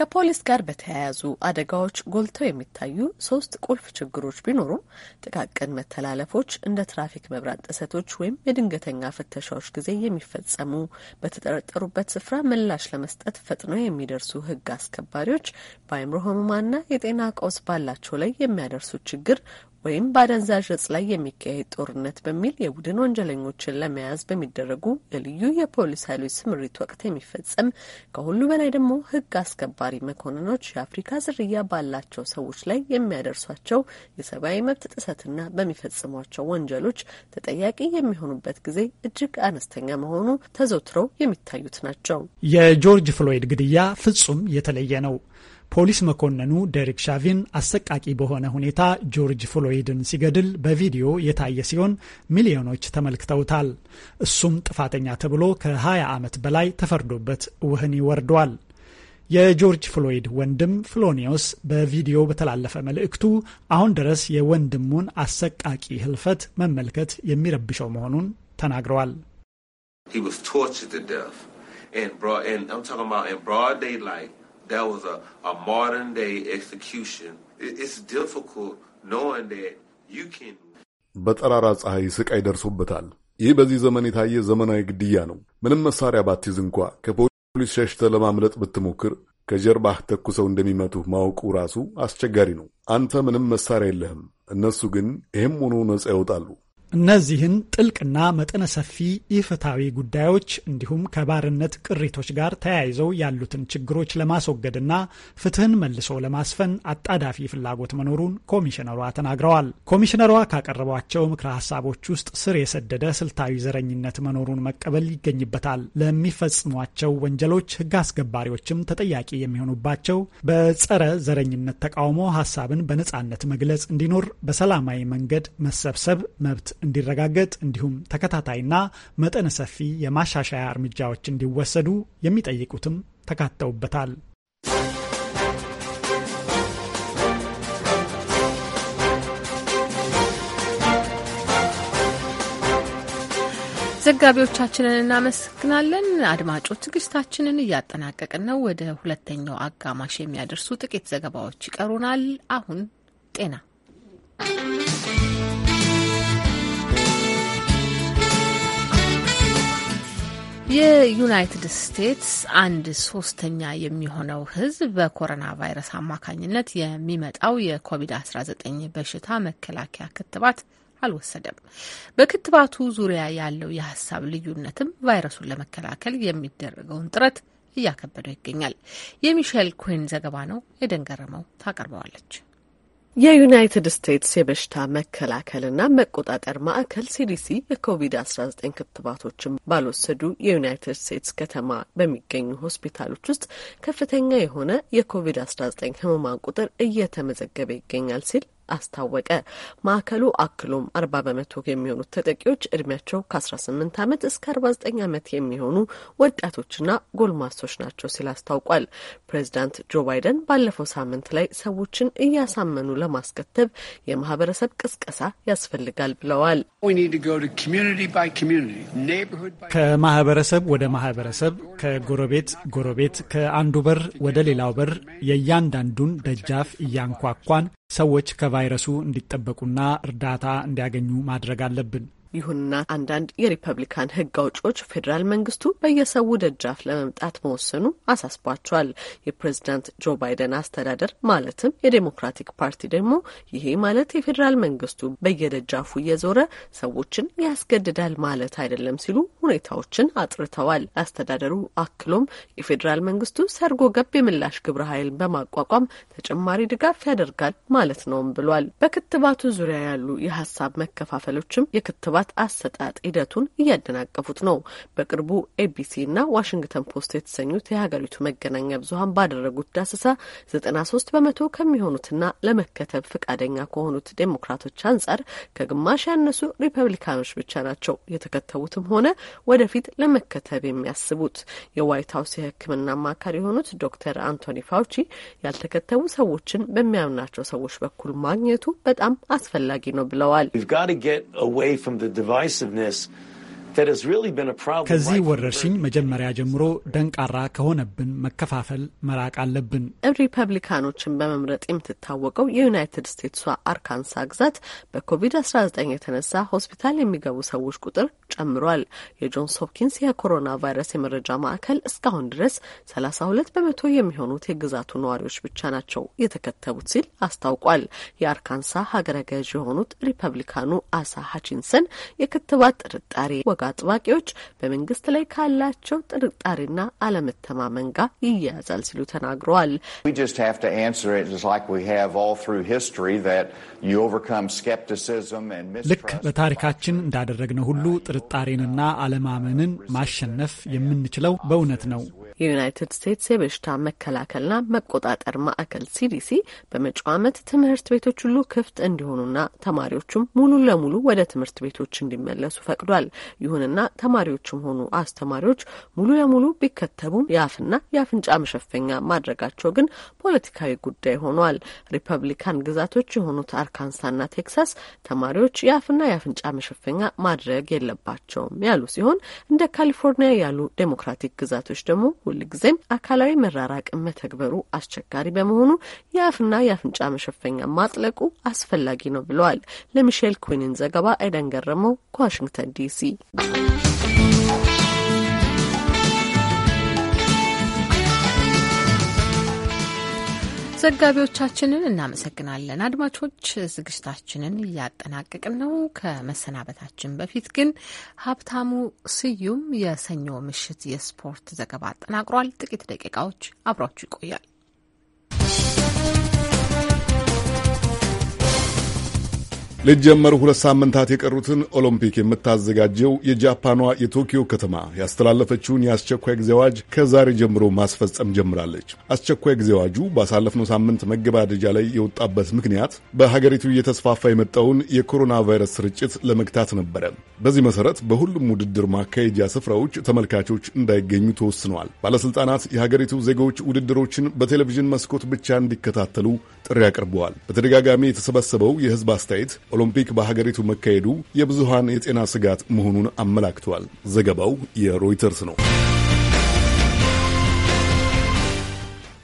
ከፖሊስ ጋር በተያያዙ አደጋዎች ጎልተው የሚታዩ ሶስት ቁልፍ ችግሮች ቢኖሩም ጥቃቅን መተላለፎች እንደ ትራፊክ መብራት ጥሰቶች ወይም የድንገተኛ ፍተሻዎች ጊዜ የሚፈጸሙ በተጠረጠሩበት ስፍራ ምላሽ ለመስጠት ፈጥኖ የሚደርሱ ሕግ አስከባሪዎች በአይምሮ ሕሙማንና የጤና ቀውስ ባላቸው ላይ የሚያደርሱ ችግር ወይም በአደንዛዥ እጽ ላይ የሚካሄድ ጦርነት በሚል የቡድን ወንጀለኞችን ለመያዝ በሚደረጉ የልዩ የፖሊስ ኃይሎች ስምሪት ወቅት የሚፈጸም ከሁሉ በላይ ደግሞ ሕግ አስከባሪ መኮንኖች የአፍሪካ ዝርያ ባላቸው ሰዎች ላይ የሚያደርሷቸው የሰብአዊ መብት ጥሰትና በሚፈጽሟቸው ወንጀሎች ተጠያቂ የሚሆኑበት ጊዜ እጅግ አነስተኛ መሆኑ ተዘውትረው የሚታዩት ናቸው። የጆርጅ ፍሎይድ ግድያ ፍጹም የተለየ ነው። ፖሊስ መኮንኑ ዴሪክ ሻቪን አሰቃቂ በሆነ ሁኔታ ጆርጅ ፍሎይድን ሲገድል በቪዲዮ የታየ ሲሆን ሚሊዮኖች ተመልክተውታል። እሱም ጥፋተኛ ተብሎ ከ20 ዓመት በላይ ተፈርዶበት ውህን ወርዷል። የጆርጅ ፍሎይድ ወንድም ፍሎኒዮስ በቪዲዮ በተላለፈ መልእክቱ አሁን ድረስ የወንድሙን አሰቃቂ ህልፈት መመልከት የሚረብሸው መሆኑን ተናግረዋል። He was tortured to death in broad, in, I'm talking about in broad daylight. that was a, a modern day execution. It's difficult knowing that you can... በጠራራ ፀሐይ ስቃይ ደርሶበታል። ይህ በዚህ ዘመን የታየ ዘመናዊ ግድያ ነው። ምንም መሳሪያ ባትይዝ እንኳ ከፖሊስ ሸሽተ ለማምለጥ ብትሞክር ከጀርባህ ተኩሰው እንደሚመቱህ ማወቁ ራሱ አስቸጋሪ ነው። አንተ ምንም መሳሪያ የለህም፣ እነሱ ግን ይህም ሆኖ ነጻ ይወጣሉ። እነዚህን ጥልቅና መጠነ ሰፊ ኢፍትሐዊ ጉዳዮች እንዲሁም ከባርነት ቅሪቶች ጋር ተያይዘው ያሉትን ችግሮች ለማስወገድና ፍትህን መልሶ ለማስፈን አጣዳፊ ፍላጎት መኖሩን ኮሚሽነሯ ተናግረዋል። ኮሚሽነሯ ካቀረቧቸው ምክረ ሀሳቦች ውስጥ ስር የሰደደ ስልታዊ ዘረኝነት መኖሩን መቀበል ይገኝበታል። ለሚፈጽሟቸው ወንጀሎች ህግ አስከባሪዎችም ተጠያቂ የሚሆኑባቸው፣ በጸረ ዘረኝነት ተቃውሞ ሀሳብን በነጻነት መግለጽ እንዲኖር፣ በሰላማዊ መንገድ መሰብሰብ መብት እንዲረጋገጥ እንዲሁም ተከታታይና መጠነ ሰፊ የማሻሻያ እርምጃዎች እንዲወሰዱ የሚጠይቁትም ተካተውበታል። ዘጋቢዎቻችንን እናመሰግናለን። አድማጮች ዝግጅታችንን እያጠናቀቅን ነው። ወደ ሁለተኛው አጋማሽ የሚያደርሱ ጥቂት ዘገባዎች ይቀሩናል። አሁን ጤና የዩናይትድ ስቴትስ አንድ ሶስተኛ የሚሆነው ሕዝብ በኮሮና ቫይረስ አማካኝነት የሚመጣው የኮቪድ-19 በሽታ መከላከያ ክትባት አልወሰደም። በክትባቱ ዙሪያ ያለው የሀሳብ ልዩነትም ቫይረሱን ለመከላከል የሚደረገውን ጥረት እያከበደው ይገኛል። የሚሼል ኩዊን ዘገባ ነው። የደንገረመው ታቀርበዋለች። የዩናይትድ ስቴትስ የበሽታ መከላከልና መቆጣጠር ማዕከል ሲዲሲ የኮቪድ-19 ክትባቶችን ባልወሰዱ የዩናይትድ ስቴትስ ከተማ በሚገኙ ሆስፒታሎች ውስጥ ከፍተኛ የሆነ የኮቪድ-19 ህሙማን ቁጥር እየተመዘገበ ይገኛል ሲል አስታወቀ። ማዕከሉ አክሎም አርባ በመቶ የሚሆኑት ተጠቂዎች እድሜያቸው ከ18 ዓመት እስከ 49 ዓመት የሚሆኑ ወጣቶችና ጎልማሶች ናቸው ሲል አስታውቋል። ፕሬዚዳንት ጆ ባይደን ባለፈው ሳምንት ላይ ሰዎችን እያሳመኑ ለማስከተብ የማህበረሰብ ቅስቀሳ ያስፈልጋል ብለዋል። ከማህበረሰብ ወደ ማህበረሰብ፣ ከጎረቤት ጎረቤት፣ ከአንዱ በር ወደ ሌላው በር የእያንዳንዱን ደጃፍ እያንኳኳን ሰዎች ከቫይረሱ እንዲጠበቁና እርዳታ እንዲያገኙ ማድረግ አለብን ይሁንና አንዳንድ የሪፐብሊካን ህግ አውጪዎች ፌዴራል መንግስቱ በየሰው ደጃፍ ለመምጣት መወሰኑ አሳስቧቸዋል። የፕሬዚዳንት ጆ ባይደን አስተዳደር ማለትም የዴሞክራቲክ ፓርቲ ደግሞ ይሄ ማለት የፌዴራል መንግስቱ በየደጃፉ እየዞረ ሰዎችን ያስገድዳል ማለት አይደለም ሲሉ ሁኔታዎችን አጥርተዋል። አስተዳደሩ አክሎም የፌዴራል መንግስቱ ሰርጎ ገብ የምላሽ ግብረ ኃይልን በማቋቋም ተጨማሪ ድጋፍ ያደርጋል ማለት ነውም ብሏል። በክትባቱ ዙሪያ ያሉ የሀሳብ መከፋፈሎችም የክትባ ክትባት አሰጣጥ ሂደቱን እያደናቀፉት ነው። በቅርቡ ኤቢሲ እና ዋሽንግተን ፖስት የተሰኙት የሀገሪቱ መገናኛ ብዙኃን ባደረጉት ዳሰሳ ዘጠና ሶስት በመቶ ከሚሆኑትና ለመከተብ ፈቃደኛ ከሆኑት ዴሞክራቶች አንጻር ከግማሽ ያነሱ ሪፐብሊካኖች ብቻ ናቸው የተከተቡትም ሆነ ወደፊት ለመከተብ የሚያስቡት። የዋይት ሀውስ የሕክምና አማካሪ የሆኑት ዶክተር አንቶኒ ፋውቺ ያልተከተቡ ሰዎችን በሚያምናቸው ሰዎች በኩል ማግኘቱ በጣም አስፈላጊ ነው ብለዋል። the divisiveness ከዚህ ወረርሽኝ መጀመሪያ ጀምሮ ደንቃራ ከሆነብን መከፋፈል መራቅ አለብን። ሪፐብሊካኖችን በመምረጥ የምትታወቀው የዩናይትድ ስቴትሷ አርካንሳ ግዛት በኮቪድ-19 የተነሳ ሆስፒታል የሚገቡ ሰዎች ቁጥር ጨምሯል። የጆንስ ሆፕኪንስ የኮሮና ቫይረስ የመረጃ ማዕከል እስካሁን ድረስ 32 በመቶ የሚሆኑት የግዛቱ ነዋሪዎች ብቻ ናቸው የተከተቡት ሲል አስታውቋል። የአርካንሳ ሀገረ ገዥ የሆኑት ሪፐብሊካኑ አሳ ሀቺንሰን የክትባት ጥርጣሬ ወጋ አጥባቂዎች በመንግስት ላይ ካላቸው ጥርጣሬና አለመተማመን ጋር ይያያዛል ሲሉ ተናግረዋል። ልክ በታሪካችን እንዳደረግነው ሁሉ ጥርጣሬንና አለማመንን ማሸነፍ የምንችለው በእውነት ነው። የዩናይትድ ስቴትስ የበሽታ መከላከልና መቆጣጠር ማዕከል ሲዲሲ በመጪው ዓመት ትምህርት ቤቶች ሁሉ ክፍት እንዲሆኑና ተማሪዎቹም ሙሉ ለሙሉ ወደ ትምህርት ቤቶች እንዲመለሱ ፈቅዷል። ይሁን ይሁንና ተማሪዎችም ሆኑ አስተማሪዎች ሙሉ ለሙሉ ቢከተቡም የአፍና የአፍንጫ መሸፈኛ ማድረጋቸው ግን ፖለቲካዊ ጉዳይ ሆኗል። ሪፐብሊካን ግዛቶች የሆኑት አርካንሳና ቴክሳስ ተማሪዎች የአፍና የአፍንጫ መሸፈኛ ማድረግ የለባቸውም ያሉ ሲሆን እንደ ካሊፎርኒያ ያሉ ዴሞክራቲክ ግዛቶች ደግሞ ሁልጊዜም አካላዊ መራራቅ መተግበሩ አስቸጋሪ በመሆኑ የአፍና የአፍንጫ መሸፈኛ ማጥለቁ አስፈላጊ ነው ብለዋል። ለሚሼል ኩዊንን ዘገባ ኤደን ገረመው ከዋሽንግተን ዲሲ ዘጋቢዎቻችንን እናመሰግናለን። አድማጮች ዝግጅታችንን እያጠናቀቅን ነው። ከመሰናበታችን በፊት ግን ሀብታሙ ስዩም የሰኞ ምሽት የስፖርት ዘገባ አጠናቅሯል። ጥቂት ደቂቃዎች አብሯችሁ ይቆያል። ሊጀመሩ ሁለት ሳምንታት የቀሩትን ኦሎምፒክ የምታዘጋጀው የጃፓኗ የቶኪዮ ከተማ ያስተላለፈችውን የአስቸኳይ ጊዜ አዋጅ ከዛሬ ጀምሮ ማስፈጸም ጀምራለች። አስቸኳይ ጊዜ አዋጁ ባሳለፍነው ሳምንት መገባደጃ ላይ የወጣበት ምክንያት በሀገሪቱ እየተስፋፋ የመጣውን የኮሮና ቫይረስ ስርጭት ለመግታት ነበረ። በዚህ መሰረት በሁሉም ውድድር ማካሄጃ ስፍራዎች ተመልካቾች እንዳይገኙ ተወስነዋል። ባለሥልጣናት የሀገሪቱ ዜጎች ውድድሮችን በቴሌቪዥን መስኮት ብቻ እንዲከታተሉ ጥሪ አቅርበዋል። በተደጋጋሚ የተሰበሰበው የህዝብ አስተያየት ኦሎምፒክ በሀገሪቱ መካሄዱ የብዙሃን የጤና ስጋት መሆኑን አመላክተዋል። ዘገባው የሮይተርስ ነው።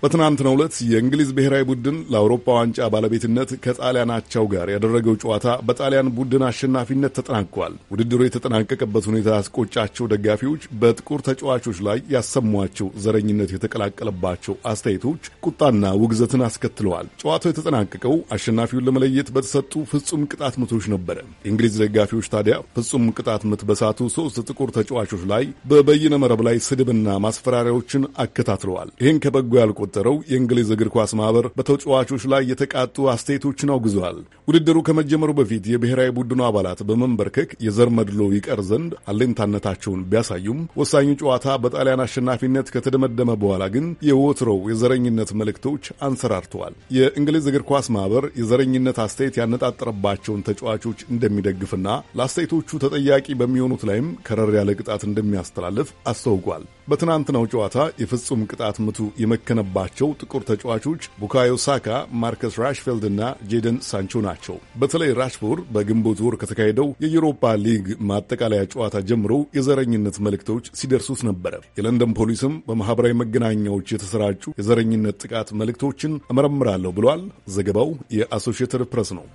በትናንትናው ዕለት የእንግሊዝ ብሔራዊ ቡድን ለአውሮፓ ዋንጫ ባለቤትነት ከጣሊያናቸው ጋር ያደረገው ጨዋታ በጣሊያን ቡድን አሸናፊነት ተጠናቋል። ውድድሩ የተጠናቀቀበት ሁኔታ ያስቆጫቸው ደጋፊዎች በጥቁር ተጫዋቾች ላይ ያሰሟቸው ዘረኝነት የተቀላቀለባቸው አስተያየቶች ቁጣና ውግዘትን አስከትለዋል። ጨዋታው የተጠናቀቀው አሸናፊውን ለመለየት በተሰጡ ፍጹም ቅጣት ምቶች ነበረ። የእንግሊዝ ደጋፊዎች ታዲያ ፍጹም ቅጣት ምት በሳቱ ሶስት ጥቁር ተጫዋቾች ላይ በበይነ መረብ ላይ ስድብና ማስፈራሪያዎችን አከታትለዋል። ይህን ከበጎ ያልቆ የተፈጠረው የእንግሊዝ እግር ኳስ ማህበር በተጫዋቾች ላይ የተቃጡ አስተያየቶችን አውግዘዋል። ውድድሩ ከመጀመሩ በፊት የብሔራዊ ቡድኑ አባላት በመንበርከክ የዘር መድሎ ይቀር ዘንድ አለኝታነታቸውን ቢያሳዩም ወሳኙ ጨዋታ በጣሊያን አሸናፊነት ከተደመደመ በኋላ ግን የወትሮው የዘረኝነት መልእክቶች አንሰራርተዋል። የእንግሊዝ እግር ኳስ ማህበር የዘረኝነት አስተያየት ያነጣጠረባቸውን ተጫዋቾች እንደሚደግፍና ለአስተያየቶቹ ተጠያቂ በሚሆኑት ላይም ከረር ያለ ቅጣት እንደሚያስተላልፍ አስታውቋል። በትናንትናው ጨዋታ የፍጹም ቅጣት ምቱ የመከነባቸው ጥቁር ተጫዋቾች ቡካዮ ሳካ፣ ማርከስ ራሽፌልድ እና ጄደን ሳንቾ ናቸው። በተለይ ራሽፎርድ በግንቦት ወር ከተካሄደው የዩሮፓ ሊግ ማጠቃለያ ጨዋታ ጀምሮ የዘረኝነት መልእክቶች ሲደርሱት ነበረ። የለንደን ፖሊስም በማኅበራዊ መገናኛዎች የተሰራጩ የዘረኝነት ጥቃት መልእክቶችን እመረምራለሁ ብሏል። ዘገባው የአሶሺየትድ ፕሬስ ነው።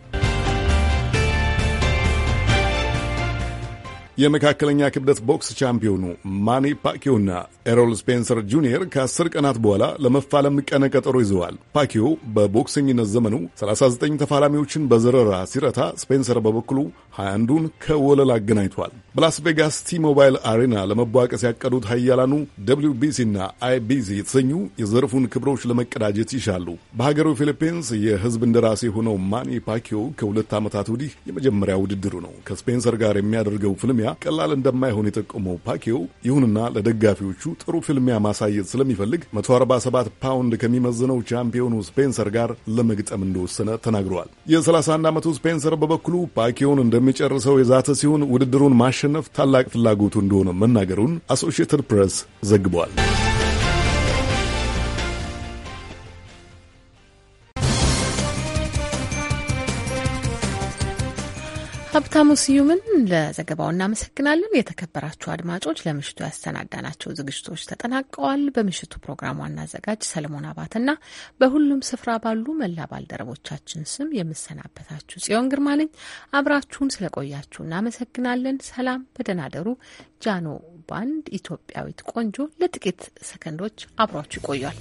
የመካከለኛ ክብደት ቦክስ ቻምፒዮኑ ማኒ ፓኪዮና ኤሮል ስፔንሰር ጁኒየር ከአስር ቀናት በኋላ ለመፋለም ቀነ ቀጠሮ ይዘዋል። ፓኪዮ በቦክሰኝነት ዘመኑ 39 ተፋላሚዎችን በዘረራ ሲረታ፣ ስፔንሰር በበኩሉ 21ዱን ከወለል አገናኝቷል። በላስ ቬጋስ ቲ ሞባይል አሬና ለመቧቀስ ያቀዱት ሀያላኑ ደብሊው ና አይቢሲ የተሰኙ የዘርፉን ክብሮች ለመቀዳጀት ይሻሉ። በሀገሩ ፊሊፒንስ የህዝብ እንደራሴ የሆነው ማኒ ፓኪዮ ከሁለት ዓመታት ወዲህ የመጀመሪያ ውድድሩ ነው። ከስፔንሰር ጋር የሚያደርገው ፍልሚያ ቀላል እንደማይሆን የጠቆመው ፓኪዮ ይሁንና ለደጋፊዎቹ ጥሩ ፍልሚያ ማሳየት ስለሚፈልግ 147 ፓውንድ ከሚመዝነው ቻምፒዮኑ ስፔንሰር ጋር ለመግጠም እንደወሰነ ተናግረዋል። የ31 ዓመቱ ስፔንሰር በበኩሉ ፓኪዮን እንደሚጨርሰው የዛተ ሲሆን ውድድሩን ማሸ ለማሸነፍ ታላቅ ፍላጎቱ እንደሆነ መናገሩን አሶሺየትድ ፕሬስ ዘግቧል። ሀብታሙ ስዩምን ለዘገባው እናመሰግናለን። የተከበራችሁ አድማጮች ለምሽቱ ያሰናዳናቸው ዝግጅቶች ተጠናቀዋል። በምሽቱ ፕሮግራም ዋና አዘጋጅ ሰለሞን አባትና በሁሉም ስፍራ ባሉ መላ ባልደረቦቻችን ስም የምሰናበታችሁ ጽዮን ግርማ ነኝ። አብራችሁን ስለቆያችሁ እናመሰግናለን። ሰላም፣ በደህና ደሩ። ጃኖ ባንድ ኢትዮጵያዊት ቆንጆ ለጥቂት ሰከንዶች አብሯችሁ ይቆያል።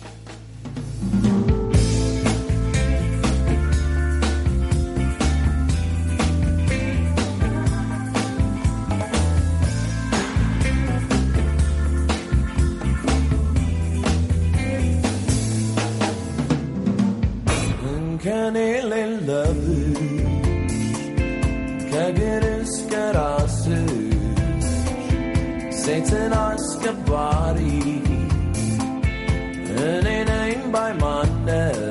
ከኔ ሌለብ ከግር እስከ ራስ ሴትን አስከባሪ እኔ ነኝ ባይማነው